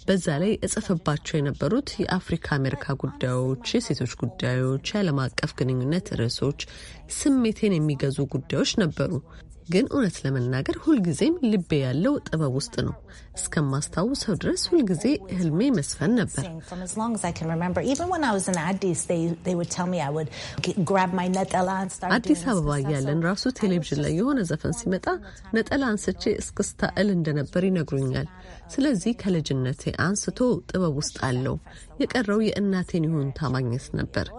S5: በዛ ላይ እጽፍባቸው የነበሩት የአፍሪካ አሜሪካ ጉዳዮች፣ የሴቶች ጉዳዮች፣ የዓለም አቀፍ ግንኙነት ርዕሶች፣ ስሜቴን የሚገዙ ጉዳዮች ነበሩ። ግን እውነት ለመናገር ሁልጊዜም ልቤ ያለው ጥበብ ውስጥ ነው። እስከማስታውሰው ድረስ ሁልጊዜ ህልሜ መስፈን ነበር።
S11: አዲስ አበባ እያለን
S5: ራሱ ቴሌቪዥን ላይ የሆነ ዘፈን ሲመጣ ነጠላ አንስቼ እስክስታ እል እንደነበር ይነግሩኛል። ስለዚህ ከልጅነቴ አንስቶ ጥበብ ውስጥ አለው። የቀረው የእናቴን ይሁንታ ማግኘት ነበር።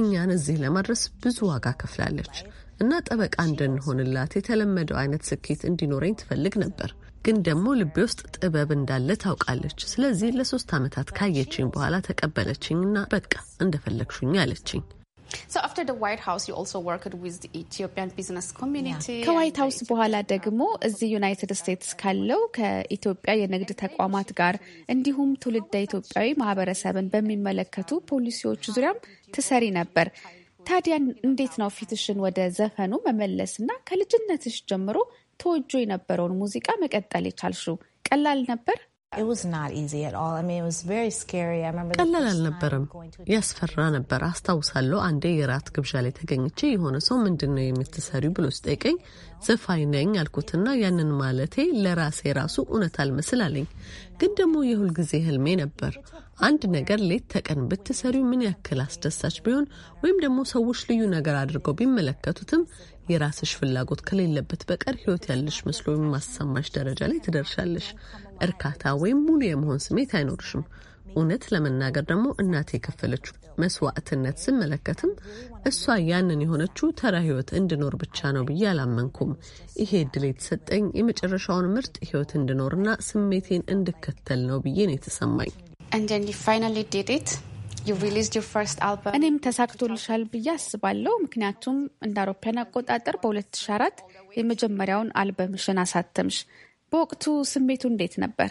S5: እኛን እዚህ ለማድረስ ብዙ ዋጋ ከፍላለች። እና ጠበቃ እንድንሆንላት የተለመደው አይነት ስኬት እንዲኖረኝ ትፈልግ ነበር። ግን ደግሞ ልቤ ውስጥ ጥበብ እንዳለ ታውቃለች። ስለዚህ ለሶስት ዓመታት ካየችኝ በኋላ ተቀበለችኝ እና በቃ እንደፈለግሹኝ አለችኝ።
S3: ከዋይት ሀውስ በኋላ ደግሞ እዚህ ዩናይትድ ስቴትስ ካለው ከኢትዮጵያ የንግድ ተቋማት ጋር እንዲሁም ትውልደ ኢትዮጵያዊ ማህበረሰብን በሚመለከቱ ፖሊሲዎች ዙሪያም ትሰሪ ነበር። ታዲያ እንዴት ነው ፊትሽን ወደ ዘፈኑ መመለስ ና ከልጅነትሽ ጀምሮ ተወጆ የነበረውን ሙዚቃ መቀጠል የቻልሽው? ቀላል ነበር?
S5: ቀላል አልነበረም። ያስፈራ ነበር። አስታውሳለሁ አንዴ የራት ግብዣ ላይ ተገኝቼ የሆነ ሰው ምንድን ነው የምትሰሪው ብሎ ስጠይቀኝ ዘፋኝ ነኝ አልኩትና ያንን ማለቴ ለራሴ ራሱ እውነት አልመስል አለኝ። ግን ደግሞ የሁልጊዜ ህልሜ ነበር አንድ ነገር ሌት ተቀን ብትሰሪው ምን ያክል አስደሳች ቢሆን ወይም ደግሞ ሰዎች ልዩ ነገር አድርገው ቢመለከቱትም የራስሽ ፍላጎት ከሌለበት በቀር ህይወት ያለሽ መስሎ የማሰማሽ ደረጃ ላይ ትደርሻለሽ። እርካታ ወይም ሙሉ የመሆን ስሜት አይኖርሽም። እውነት ለመናገር ደግሞ እናቴ የከፈለችው መስዋዕትነት ስመለከትም እሷ ያንን የሆነችው ተራ ህይወት እንድኖር ብቻ ነው ብዬ አላመንኩም። ይሄ እድል የተሰጠኝ የመጨረሻውን ምርጥ ህይወት እንድኖርና ስሜቴን እንድከተል ነው ብዬ ነው የተሰማኝ።
S3: እኔም ተሳክቶልሻል ብዬ አስባለሁ። ምክንያቱም እንደ አውሮፓውያን አቆጣጠር በ2004 የመጀመሪያውን አልበምሽን አሳተምሽ። በወቅቱ ስሜቱ እንዴት ነበር?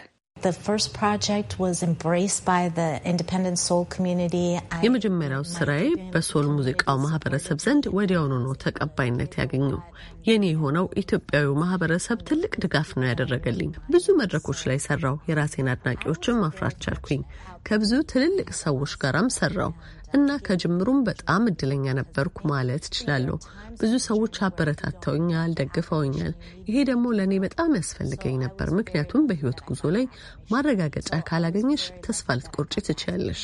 S5: የመጀመሪያው ስራዬ በሶል ሙዚቃው ማህበረሰብ ዘንድ ወዲያውኑ ነው ተቀባይነት ያገኘው። የኔ የሆነው ኢትዮጵያዊ ማህበረሰብ ትልቅ ድጋፍ ነው ያደረገልኝ። ብዙ መድረኮች ላይ ሰራው፣ የራሴን አድናቂዎችን ማፍራት ቻልኩኝ። ከብዙ ትልልቅ ሰዎች ጋራም ሰራው። እና ከጅምሩም በጣም እድለኛ ነበርኩ ማለት እችላለሁ። ብዙ ሰዎች አበረታተውኛል፣ ደግፈውኛል። ይሄ ደግሞ ለእኔ በጣም ያስፈልገኝ ነበር፣ ምክንያቱም በህይወት ጉዞ ላይ ማረጋገጫ ካላገኘሽ ተስፋ ልትቆርጭ ትችያለሽ።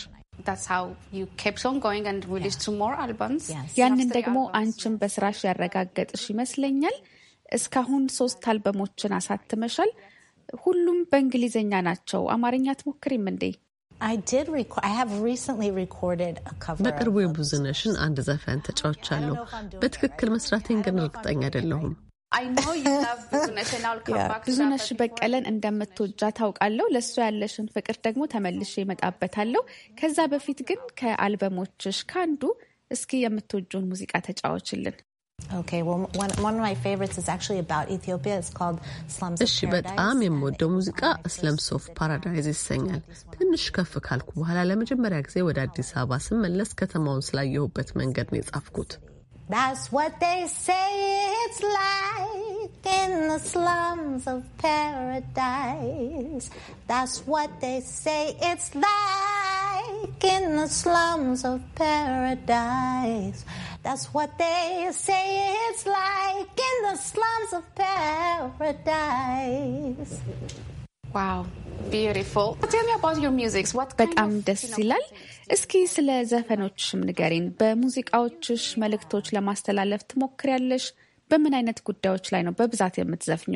S3: ያንን ደግሞ አንቺም በስራሽ ያረጋገጥሽ ይመስለኛል። እስካሁን ሶስት አልበሞችን አሳትመሻል። ሁሉም በእንግሊዝኛ ናቸው። አማርኛ ትሞክሪም እንዴ?
S5: በቅርቡ የቡዝነሽን አንድ ዘፈን ተጫውቻለሁ። በትክክል መስራቴን ግን እርግጠኛ አይደለሁም።
S3: ነሽ በቀለን እንደምትወጃ ታውቃለሁ። ለእሱ ያለሽን ፍቅር ደግሞ ተመልሼ እመጣበታለሁ። ከዛ በፊት ግን ከአልበሞችሽ ከአንዱ እስኪ የምትወጁን ሙዚቃ ተጫዎችልን። Okay, well, one,
S11: one of my favorites is actually about Ethiopia. It's called Slums of እሺ በጣም
S5: የምወደው ሙዚቃ ስለምስ ኦፍ ፓራዳይዝ ይሰኛል። ትንሽ ከፍ ካልኩ በኋላ ለመጀመሪያ ጊዜ ወደ አዲስ አበባ ስመለስ ከተማውን ስላየሁበት መንገድ ነው የጻፍኩት።
S12: That's what they say it's like in the slums of paradise. That's what they say it's like in the slums of paradise. That's what they say it's like in the slums of paradise.
S3: Wow, beautiful. Tell me about your ዋው ቢዩቲፉል በጣም ደስ ይላል። እስኪ ስለ ዘፈኖችሽም ንገሪን። በሙዚቃዎችሽ መልእክቶች ለማስተላለፍ ትሞክሪያለሽ? በምን አይነት ጉዳዮች ላይ ነው በብዛት የምትዘፍኙ?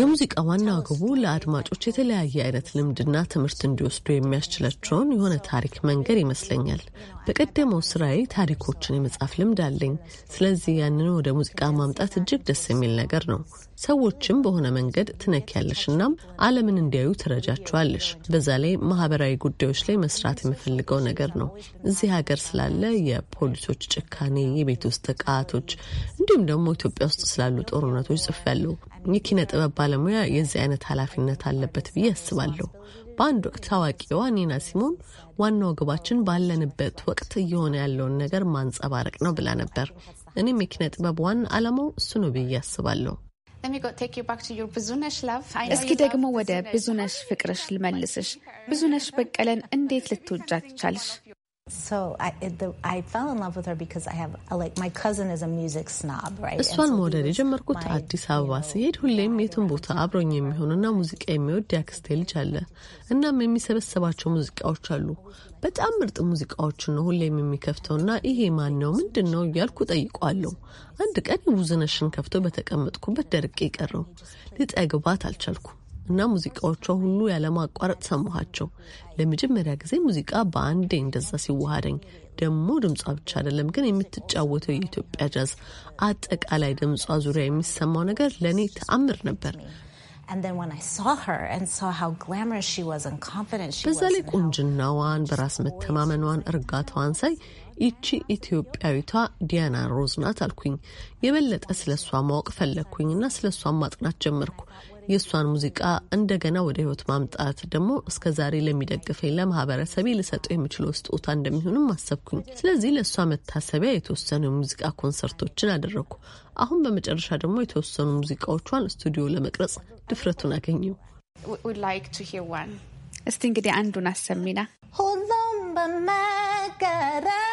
S11: የሙዚቃ
S5: ዋናው ግቡ ለአድማጮች የተለያየ አይነት ልምድና ትምህርት እንዲወስዱ የሚያስችላቸውን የሆነ ታሪክ መንገድ ይመስለኛል። በቀደመው ስራዬ ታሪኮችን የመጻፍ ልምድ አለኝ። ስለዚህ ያንን ወደ ሙዚቃ ማምጣት እጅግ ደስ የሚል ነገር ነው። ሰዎችም በሆነ መንገድ ትነኪያለሽ፣ እናም ዓለምን እንዲያዩ ትረጃቸዋለሽ። በዛ ላይ ማህበራዊ ጉዳዮች ላይ መስራት የምፈልገው ነገር ነው። እዚህ ሀገር ስላለ የፖሊሶች ጭካኔ፣ የቤት ውስጥ ጥቃቶች እንዲሁም ደግሞ ኢትዮጵያ ውስጥ ስላሉ ጦርነቶች ጽፌያለሁ። የኪነ ጥበብ ባለሙያ የዚህ አይነት ኃላፊነት አለበት ብዬ አስባለሁ። በአንድ ወቅት ታዋቂዋ ኒና ሲሞን ዋናው ግባችን ባለንበት ወቅት እየሆነ ያለውን ነገር ማንጸባረቅ ነው ብላ ነበር። እኔም የኪነ ጥበብ ዋና ዓላማው እሱ ነው ብዬ አስባለሁ።
S3: እስኪ ደግሞ ወደ ብዙነሽ
S5: ፍቅርሽ ልመልስሽ።
S3: ብዙነሽ በቀለን እንዴት ልትወጃት ቻልሽ?
S11: እሷን
S5: መውደድ የጀመርኩት አዲስ አበባ ሲሄድ ሁሌም የትን ቦታ አብሮኝ የሚሆንና ሙዚቃ የሚወድ ያክስቴ ልጅ አለ። እናም የሚሰበሰባቸው ሙዚቃዎች አሉ። በጣም ምርጥ ሙዚቃዎችን ነው ሁሌም የሚከፍተውና ይሄ ማን ነው ምንድን ነው እያልኩ ጠይቋለሁ። አንድ ቀን የቡዝነሽን ከፍተው በተቀመጥኩበት ደርቄ ቀረው። ልጠግባት አልቻልኩም። እና ሙዚቃዎቿ ሁሉ ያለማቋረጥ ሰማኋቸው። ለመጀመሪያ ጊዜ ሙዚቃ በአንዴ እንደዛ ሲዋሃደኝ ደግሞ ድምጿ ብቻ አይደለም ግን የምትጫወተው የኢትዮጵያ ጃዝ አጠቃላይ ድምጿ ዙሪያ የሚሰማው ነገር ለእኔ ተአምር ነበር። በዛ ላይ ቁንጅናዋን፣ በራስ መተማመኗን፣ እርጋታዋን ሳይ ይቺ ኢትዮጵያዊቷ ዲያና ሮዝ ናት አልኩኝ። የበለጠ ስለሷ ማወቅ ፈለግኩኝና ስለሷ ማጥናት ጀመርኩ። የእሷን ሙዚቃ እንደገና ወደ ህይወት ማምጣት ደግሞ እስከ ዛሬ ለሚደግፈኝ ለማህበረሰቤ ልሰጠው የምችለው ስጦታ እንደሚሆንም አሰብኩኝ። ስለዚህ ለእሷ መታሰቢያ የተወሰኑ የሙዚቃ ኮንሰርቶችን አደረግኩ። አሁን በመጨረሻ ደግሞ የተወሰኑ ሙዚቃዎቿን ስቱዲዮ ለመቅረጽ ድፍረቱን አገኘው። እስቲ እንግዲህ አንዱን አሰሚና
S3: ሁሉም በመገረም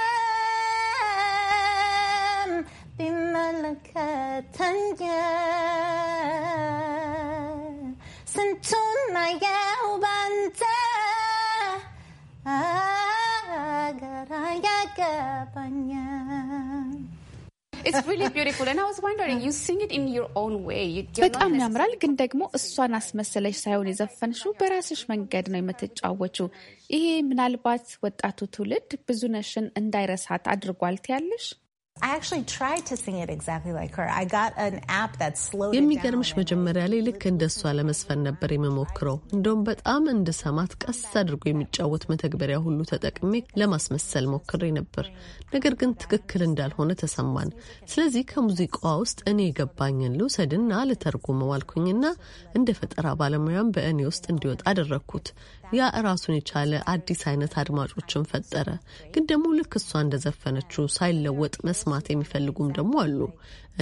S12: ቢመለከተኛ ስንቱን አየው ባንተ አገር ያገባኛል
S3: በጣም ያምራል። ግን ደግሞ እሷን አስመስለች ሳይሆን የዘፈንሽው በራስሽ መንገድ ነው የምትጫወችው። ይሄ ምናልባት ወጣቱ ትውልድ ብዙነሽን እንዳይረሳት አድርጓል ትያለሽ?
S11: የሚገርምሽ
S5: መጀመሪያ ላይ ልክ እንደ እሷ ለመስፈን ነበር የምሞክረው። እንደውም በጣም እንደ ሰማት ቀስ አድርጎ የሚጫወት መተግበሪያ ሁሉ ተጠቅሜ ለማስመሰል ሞክሬ ነበር። ነገር ግን ትክክል እንዳልሆነ ተሰማን። ስለዚህ ከሙዚቃዋ ውስጥ እኔ የገባኝን ልውሰድና ልተርጉመው አልኩኝና እንደ ፈጠራ ባለሙያም በእኔ ውስጥ እንዲወጣ አደረግኩት። ያ ራሱን የቻለ አዲስ አይነት አድማጮችን ፈጠረ። ግን ደግሞ ልክ እሷ እንደዘፈነችው ሳይለወጥ መስማት የሚፈልጉም ደግሞ አሉ።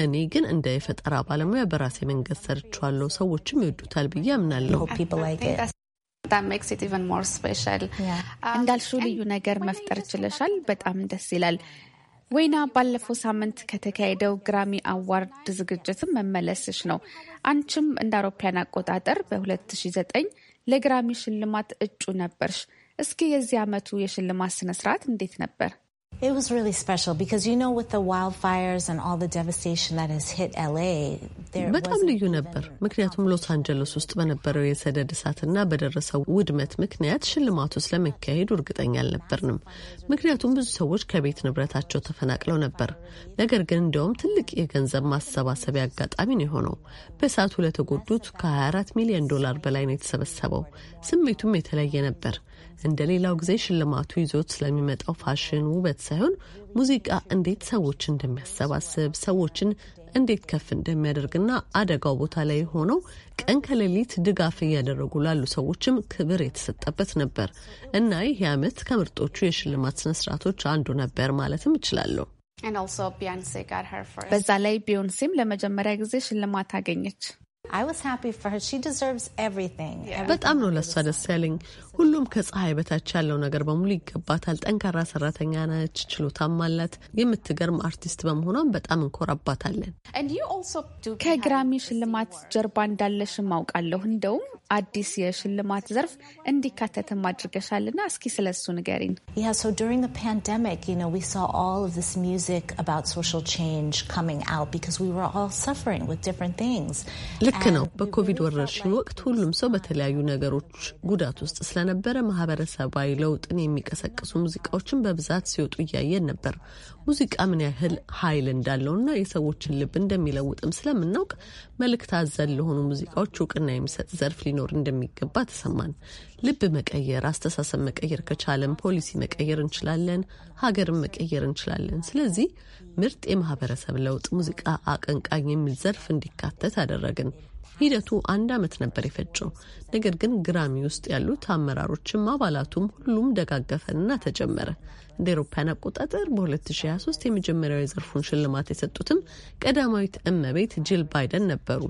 S5: እኔ ግን እንደ የፈጠራ ባለሙያ በራሴ መንገድ ሰርችዋለሁ። ሰዎችም ይወዱታል ብዬ አምናለሁ። um,
S3: እንዳልሹ ልዩ ነገር መፍጠር ችለሻል። በጣም ደስ ይላል። ወይና ባለፈው ሳምንት ከተካሄደው ግራሚ አዋርድ ዝግጅትም መመለስሽ ነው። አንቺም እንደ አውሮፓያን አቆጣጠር በ2009 ለግራሚ ሽልማት እጩ ነበርሽ። እስኪ የዚህ ዓመቱ የሽልማት ስነ ስርዓት እንዴት ነበር?
S11: It was really special because you know with the wildfires and all the devastation that has hit LA
S5: በጣም ልዩ ነበር። ምክንያቱም ሎስ አንጀለስ ውስጥ በነበረው የሰደድ እሳትና በደረሰው ውድመት ምክንያት ሽልማቱ ስለመካሄዱ እርግጠኛ አልነበርንም። ምክንያቱም ብዙ ሰዎች ከቤት ንብረታቸው ተፈናቅለው ነበር። ነገር ግን እንዲያውም ትልቅ የገንዘብ ማሰባሰቢያ አጋጣሚ ነው የሆነው። በእሳቱ ለተጎዱት ከ24 ሚሊዮን ዶላር በላይ ነው የተሰበሰበው። ስሜቱም የተለየ ነበር። እንደ ሌላው ጊዜ ሽልማቱ ይዞት ስለሚመጣው ፋሽን ውበት ሳይሆን ሙዚቃ እንዴት ሰዎች እንደሚያሰባስብ ሰዎችን እንዴት ከፍ እንደሚያደርግና አደጋው ቦታ ላይ ሆነው ቀን ከሌሊት ድጋፍ እያደረጉ ላሉ ሰዎችም ክብር የተሰጠበት ነበር እና ይህ ዓመት ከምርጦቹ የሽልማት ስነስርዓቶች አንዱ ነበር ማለትም እችላለሁ።
S3: በዛ ላይ ቢዮንሴም ለመጀመሪያ ጊዜ ሽልማት አገኘች።
S5: በጣም ነው ለሷ ደስ ያለኝ። ሁሉም ከፀሐይ በታች ያለው ነገር በሙሉ ይገባታል። ጠንካራ ሰራተኛ ነች፣ ችሎታም አላት። የምትገርም አርቲስት በመሆኗም በጣም እንኮራባታለን።
S3: ከግራሚ ሽልማት ጀርባ እንዳለሽም ማውቃለሁ። እንደውም አዲስ የሽልማት ዘርፍ እንዲካተትም አድርገሻልና እስኪ ስለ እሱ ንገሪን።
S5: ልክ ነው። በኮቪድ ወረርሽኝ ወቅት ሁሉም ሰው በተለያዩ ነገሮች ጉዳት ውስጥ ስለነበረ ማህበረሰባዊ ለውጥን የሚቀሰቅሱ ሙዚቃዎችን በብዛት ሲወጡ እያየን ነበር። ሙዚቃ ምን ያህል ኃይል እንዳለውና የሰዎችን ልብ እንደሚለውጥም ስለምናውቅ መልእክት አዘል ለሆኑ ሙዚቃዎች እውቅና የሚሰጥ ዘርፍ ሊኖር እንደሚገባ ተሰማን። ልብ መቀየር፣ አስተሳሰብ መቀየር ከቻለን ፖሊሲ መቀየር እንችላለን፣ ሀገርን መቀየር እንችላለን። ስለዚህ ምርጥ የማህበረሰብ ለውጥ ሙዚቃ አቀንቃኝ የሚል ዘርፍ እንዲካተት አደረግን። ሂደቱ አንድ ዓመት ነበር የፈጀው። ነገር ግን ግራሚ ውስጥ ያሉት አመራሮችም አባላቱም ሁሉም ደጋገፈንና ተጀመረ። እንደ አውሮፓውያን አቆጣጠር በ2023 የመጀመሪያው የዘርፉን ሽልማት የሰጡትም ቀዳማዊት እመቤት ጂል ባይደን ነበሩ።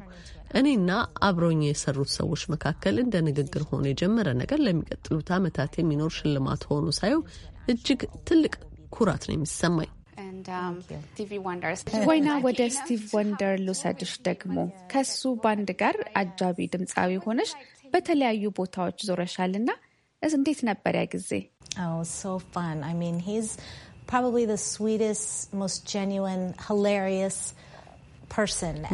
S5: እኔና አብረኝ የሰሩት ሰዎች መካከል እንደ ንግግር ሆኖ የጀመረ ነገር ለሚቀጥሉት ዓመታት የሚኖር ሽልማት ሆኖ ሳየው እጅግ ትልቅ ኩራት ነው የሚሰማኝ። ወይና ወደ ስቲቭ ወንደር ልውሰድሽ። ደግሞ ከሱ
S3: ባንድ ጋር አጃቢ ድምፃዊ ሆነሽ በተለያዩ ቦታዎች ዞረሻል እና እንዴት ነበር ያ ጊዜ? Oh,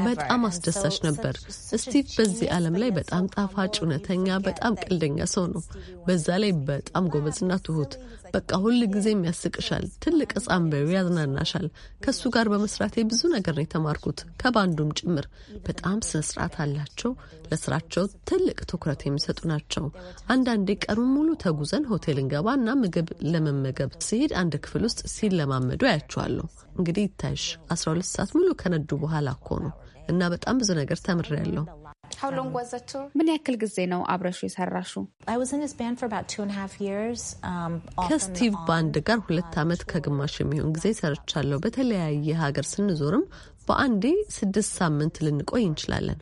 S11: በጣም አስደሳች ነበር።
S5: ስቲቭ በዚህ ዓለም ላይ በጣም ጣፋጭ፣ እውነተኛ፣ በጣም ቀልደኛ ሰው ነው። በዛ ላይ በጣም ጎበዝና ትሁት በቃ ሁል ጊዜም ያስቅሻል። ትልቅ ሕፃን በዩ ያዝናናሻል። ከእሱ ጋር በመስራቴ ብዙ ነገር ነው የተማርኩት፣ ከባንዱም ጭምር። በጣም ስነስርዓት አላቸው። ለስራቸው ትልቅ ትኩረት የሚሰጡ ናቸው። አንዳንዴ ቀኑን ሙሉ ተጉዘን ሆቴል እና ምግብ ለመመገብ ሲሄድ አንድ ክፍል ውስጥ ሲለማመዱ አያቸዋለሁ። እንግዲህ ይታይሽ 12 ሰዓት ሙሉ ከነዱ በኋላ እኮ ነው እና በጣም ብዙ ነገር ተምሬያለሁ። ምን ያክል ጊዜ ነው አብረሹ የሰራሹ?
S11: Um, ከስቲቭ
S5: ባንድ ጋር ሁለት ዓመት ከግማሽ የሚሆን ጊዜ ሰርቻለሁ። በተለያየ ሀገር ስንዞርም በአንዴ ስድስት ሳምንት ልንቆይ እንችላለን።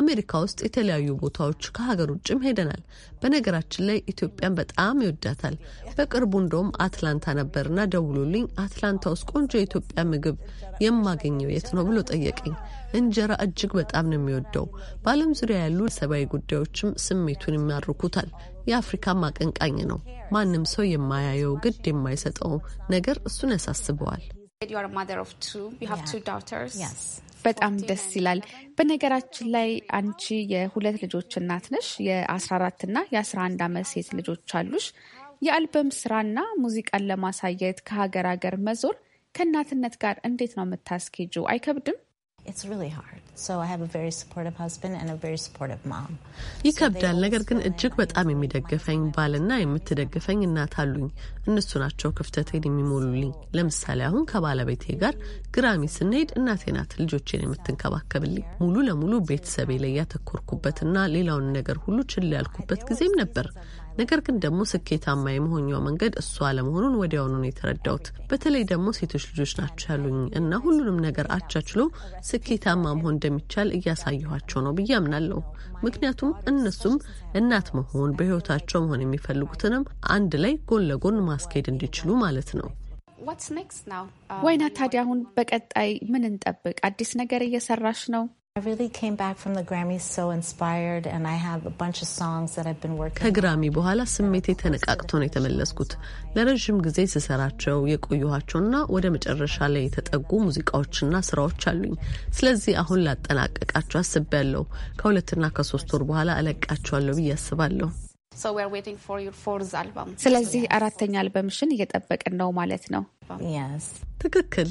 S5: አሜሪካ ውስጥ የተለያዩ ቦታዎች ከሀገር ውጭም ሄደናል። በነገራችን ላይ ኢትዮጵያን በጣም ይወዳታል። በቅርቡ እንደውም አትላንታ ነበርና ደውሎልኝ አትላንታ ውስጥ ቆንጆ የኢትዮጵያ ምግብ የማገኘው የት ነው ብሎ ጠየቀኝ። እንጀራ እጅግ በጣም ነው የሚወደው። በዓለም ዙሪያ ያሉ ሰብአዊ ጉዳዮችም ስሜቱን ይማርኩታል። የአፍሪካ አቀንቃኝ ነው። ማንም ሰው የማያየው ግድ የማይሰጠው ነገር እሱን ያሳስበዋል።
S3: You are a mother of two. You have yeah. two daughters. Yes. በጣም ደስ ይላል። በነገራችን ላይ አንቺ የሁለት ልጆች እናት ነሽ። የ14 እና የ11 ዓመት ሴት ልጆች አሉሽ። የአልበም ስራና ሙዚቃን ለማሳየት ከሀገር ሀገር መዞር ከእናትነት ጋር እንዴት ነው የምታስኬጁ? አይከብድም?
S5: ይከብዳል። ነገር ግን እጅግ በጣም የሚደግፈኝ ባልና የምትደግፈኝ እናት አሉኝ። እነሱ ናቸው ክፍተቴን የሚሞሉልኝ። ለምሳሌ አሁን ከባለቤቴ ጋር ግራሚ ስንሄድ እናቴ ናት ልጆቼን የምትንከባከብልኝ። ሙሉ ለሙሉ ቤተሰቤ ላይ ያተኮርኩበትና ሌላውን ነገር ሁሉ ችላ ያልኩበት ጊዜም ነበር። ነገር ግን ደግሞ ስኬታማ የመሆኛው መንገድ እሱ አለመሆኑን ወዲያውኑ የተረዳሁት። በተለይ ደግሞ ሴቶች ልጆች ናቸው ያሉኝ እና ሁሉንም ነገር አቻችሎ ስኬታማ መሆን እንደሚቻል እያሳየኋቸው ነው ብዬ አምናለሁ። ምክንያቱም እነሱም እናት መሆን በህይወታቸው መሆን የሚፈልጉትንም አንድ ላይ ጎን ለጎን ማስኬድ እንዲችሉ ማለት ነው።
S3: um, ወይና ታዲያ አሁን በቀጣይ ምን እንጠብቅ? አዲስ ነገር እየሰራሽ ነው?
S11: ከግራሚ
S5: በኋላ ስሜቴ ተነቃቅቶ ነው የተመለስኩት። ለረዥም ጊዜ ስሰራቸው የቆየኋቸውና ወደ መጨረሻ ላይ የተጠጉ ሙዚቃዎችና ስራዎች አሉኝ። ስለዚህ አሁን ላጠናቀቃቸው አስቤያለሁ። ከሁለትና ከሶስት ወር በኋላ እለቃቸዋለሁ ብዬ አስባለሁ። ስለዚህ አራተኛ አልበምሽን እየጠበቅን ነው ማለት ነው? ትክክል።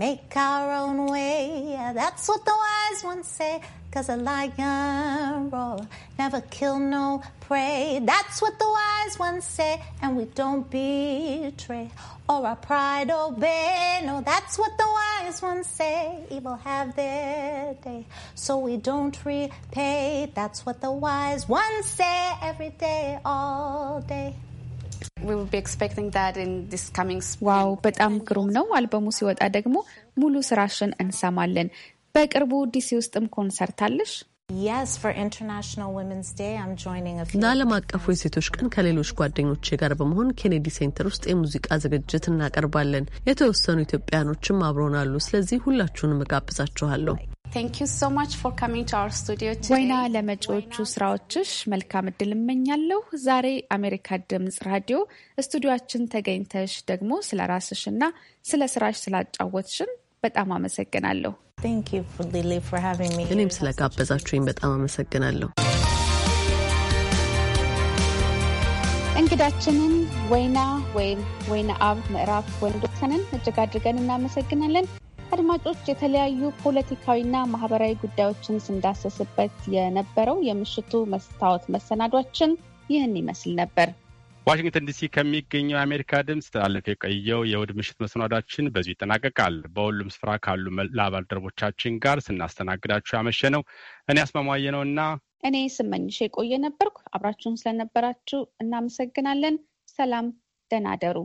S12: make our own way. That's what the wise ones say. Cause a lion roar, never kill no prey. That's what the wise ones say. And we don't betray or our pride obey. No, that's what the wise ones say. Evil have their day. So we don't
S3: repay. That's what the wise ones say every day, all day. ዋው በጣም ግሩም ነው። አልበሙ ሲወጣ ደግሞ ሙሉ ስራሽን እንሰማለን። በቅርቡ ዲሲ ውስጥም ኮንሰርት አለሽ?
S5: ለዓለም አቀፉ የሴቶች ቀን ከሌሎች ጓደኞቼ ጋር በመሆን ኬኔዲ ሴንተር ውስጥ የሙዚቃ ዝግጅት እናቀርባለን። የተወሰኑ ኢትዮጵያኖችም አብረውን አሉ። ስለዚህ ሁላችሁንም እጋብዛችኋለሁ።
S3: ወይና ለመጪዎቹ ስራዎችሽ መልካም እድል እመኛለሁ። ዛሬ አሜሪካ ድምፅ ራዲዮ ስቱዲዮችን ተገኝተሽ ደግሞ ስለ ራስሽ እና ስለ ስራሽ ስላጫወትሽን በጣም አመሰግናለሁ።
S5: እኔም ስለጋበዛችሁኝ በጣም አመሰግናለሁ።
S3: እንግዳችንን ወይና ወይም ወይና አብ ምዕራፍ ወንዶከንን እጅግ አድርገን እናመሰግናለን። አድማጮች የተለያዩ ፖለቲካዊና ማህበራዊ ጉዳዮችን ስንዳሰስበት የነበረው የምሽቱ መስታወት መሰናዷችን ይህን ይመስል ነበር።
S2: ዋሽንግተን ዲሲ ከሚገኘው የአሜሪካ ድምፅ ተላለፈ የቆየው የእሁድ ምሽት መሰናዷችን በዚሁ ይጠናቀቃል። በሁሉም ስፍራ ካሉ መላ ባልደረቦቻችን ጋር ስናስተናግዳችሁ ያመሸ ነው። እኔ አስማማየ ነው እና
S3: እኔ ስመኝሽ የቆየ ነበርኩ። አብራችሁን ስለነበራችሁ እናመሰግናለን። ሰላም፣ ደህና ደሩ።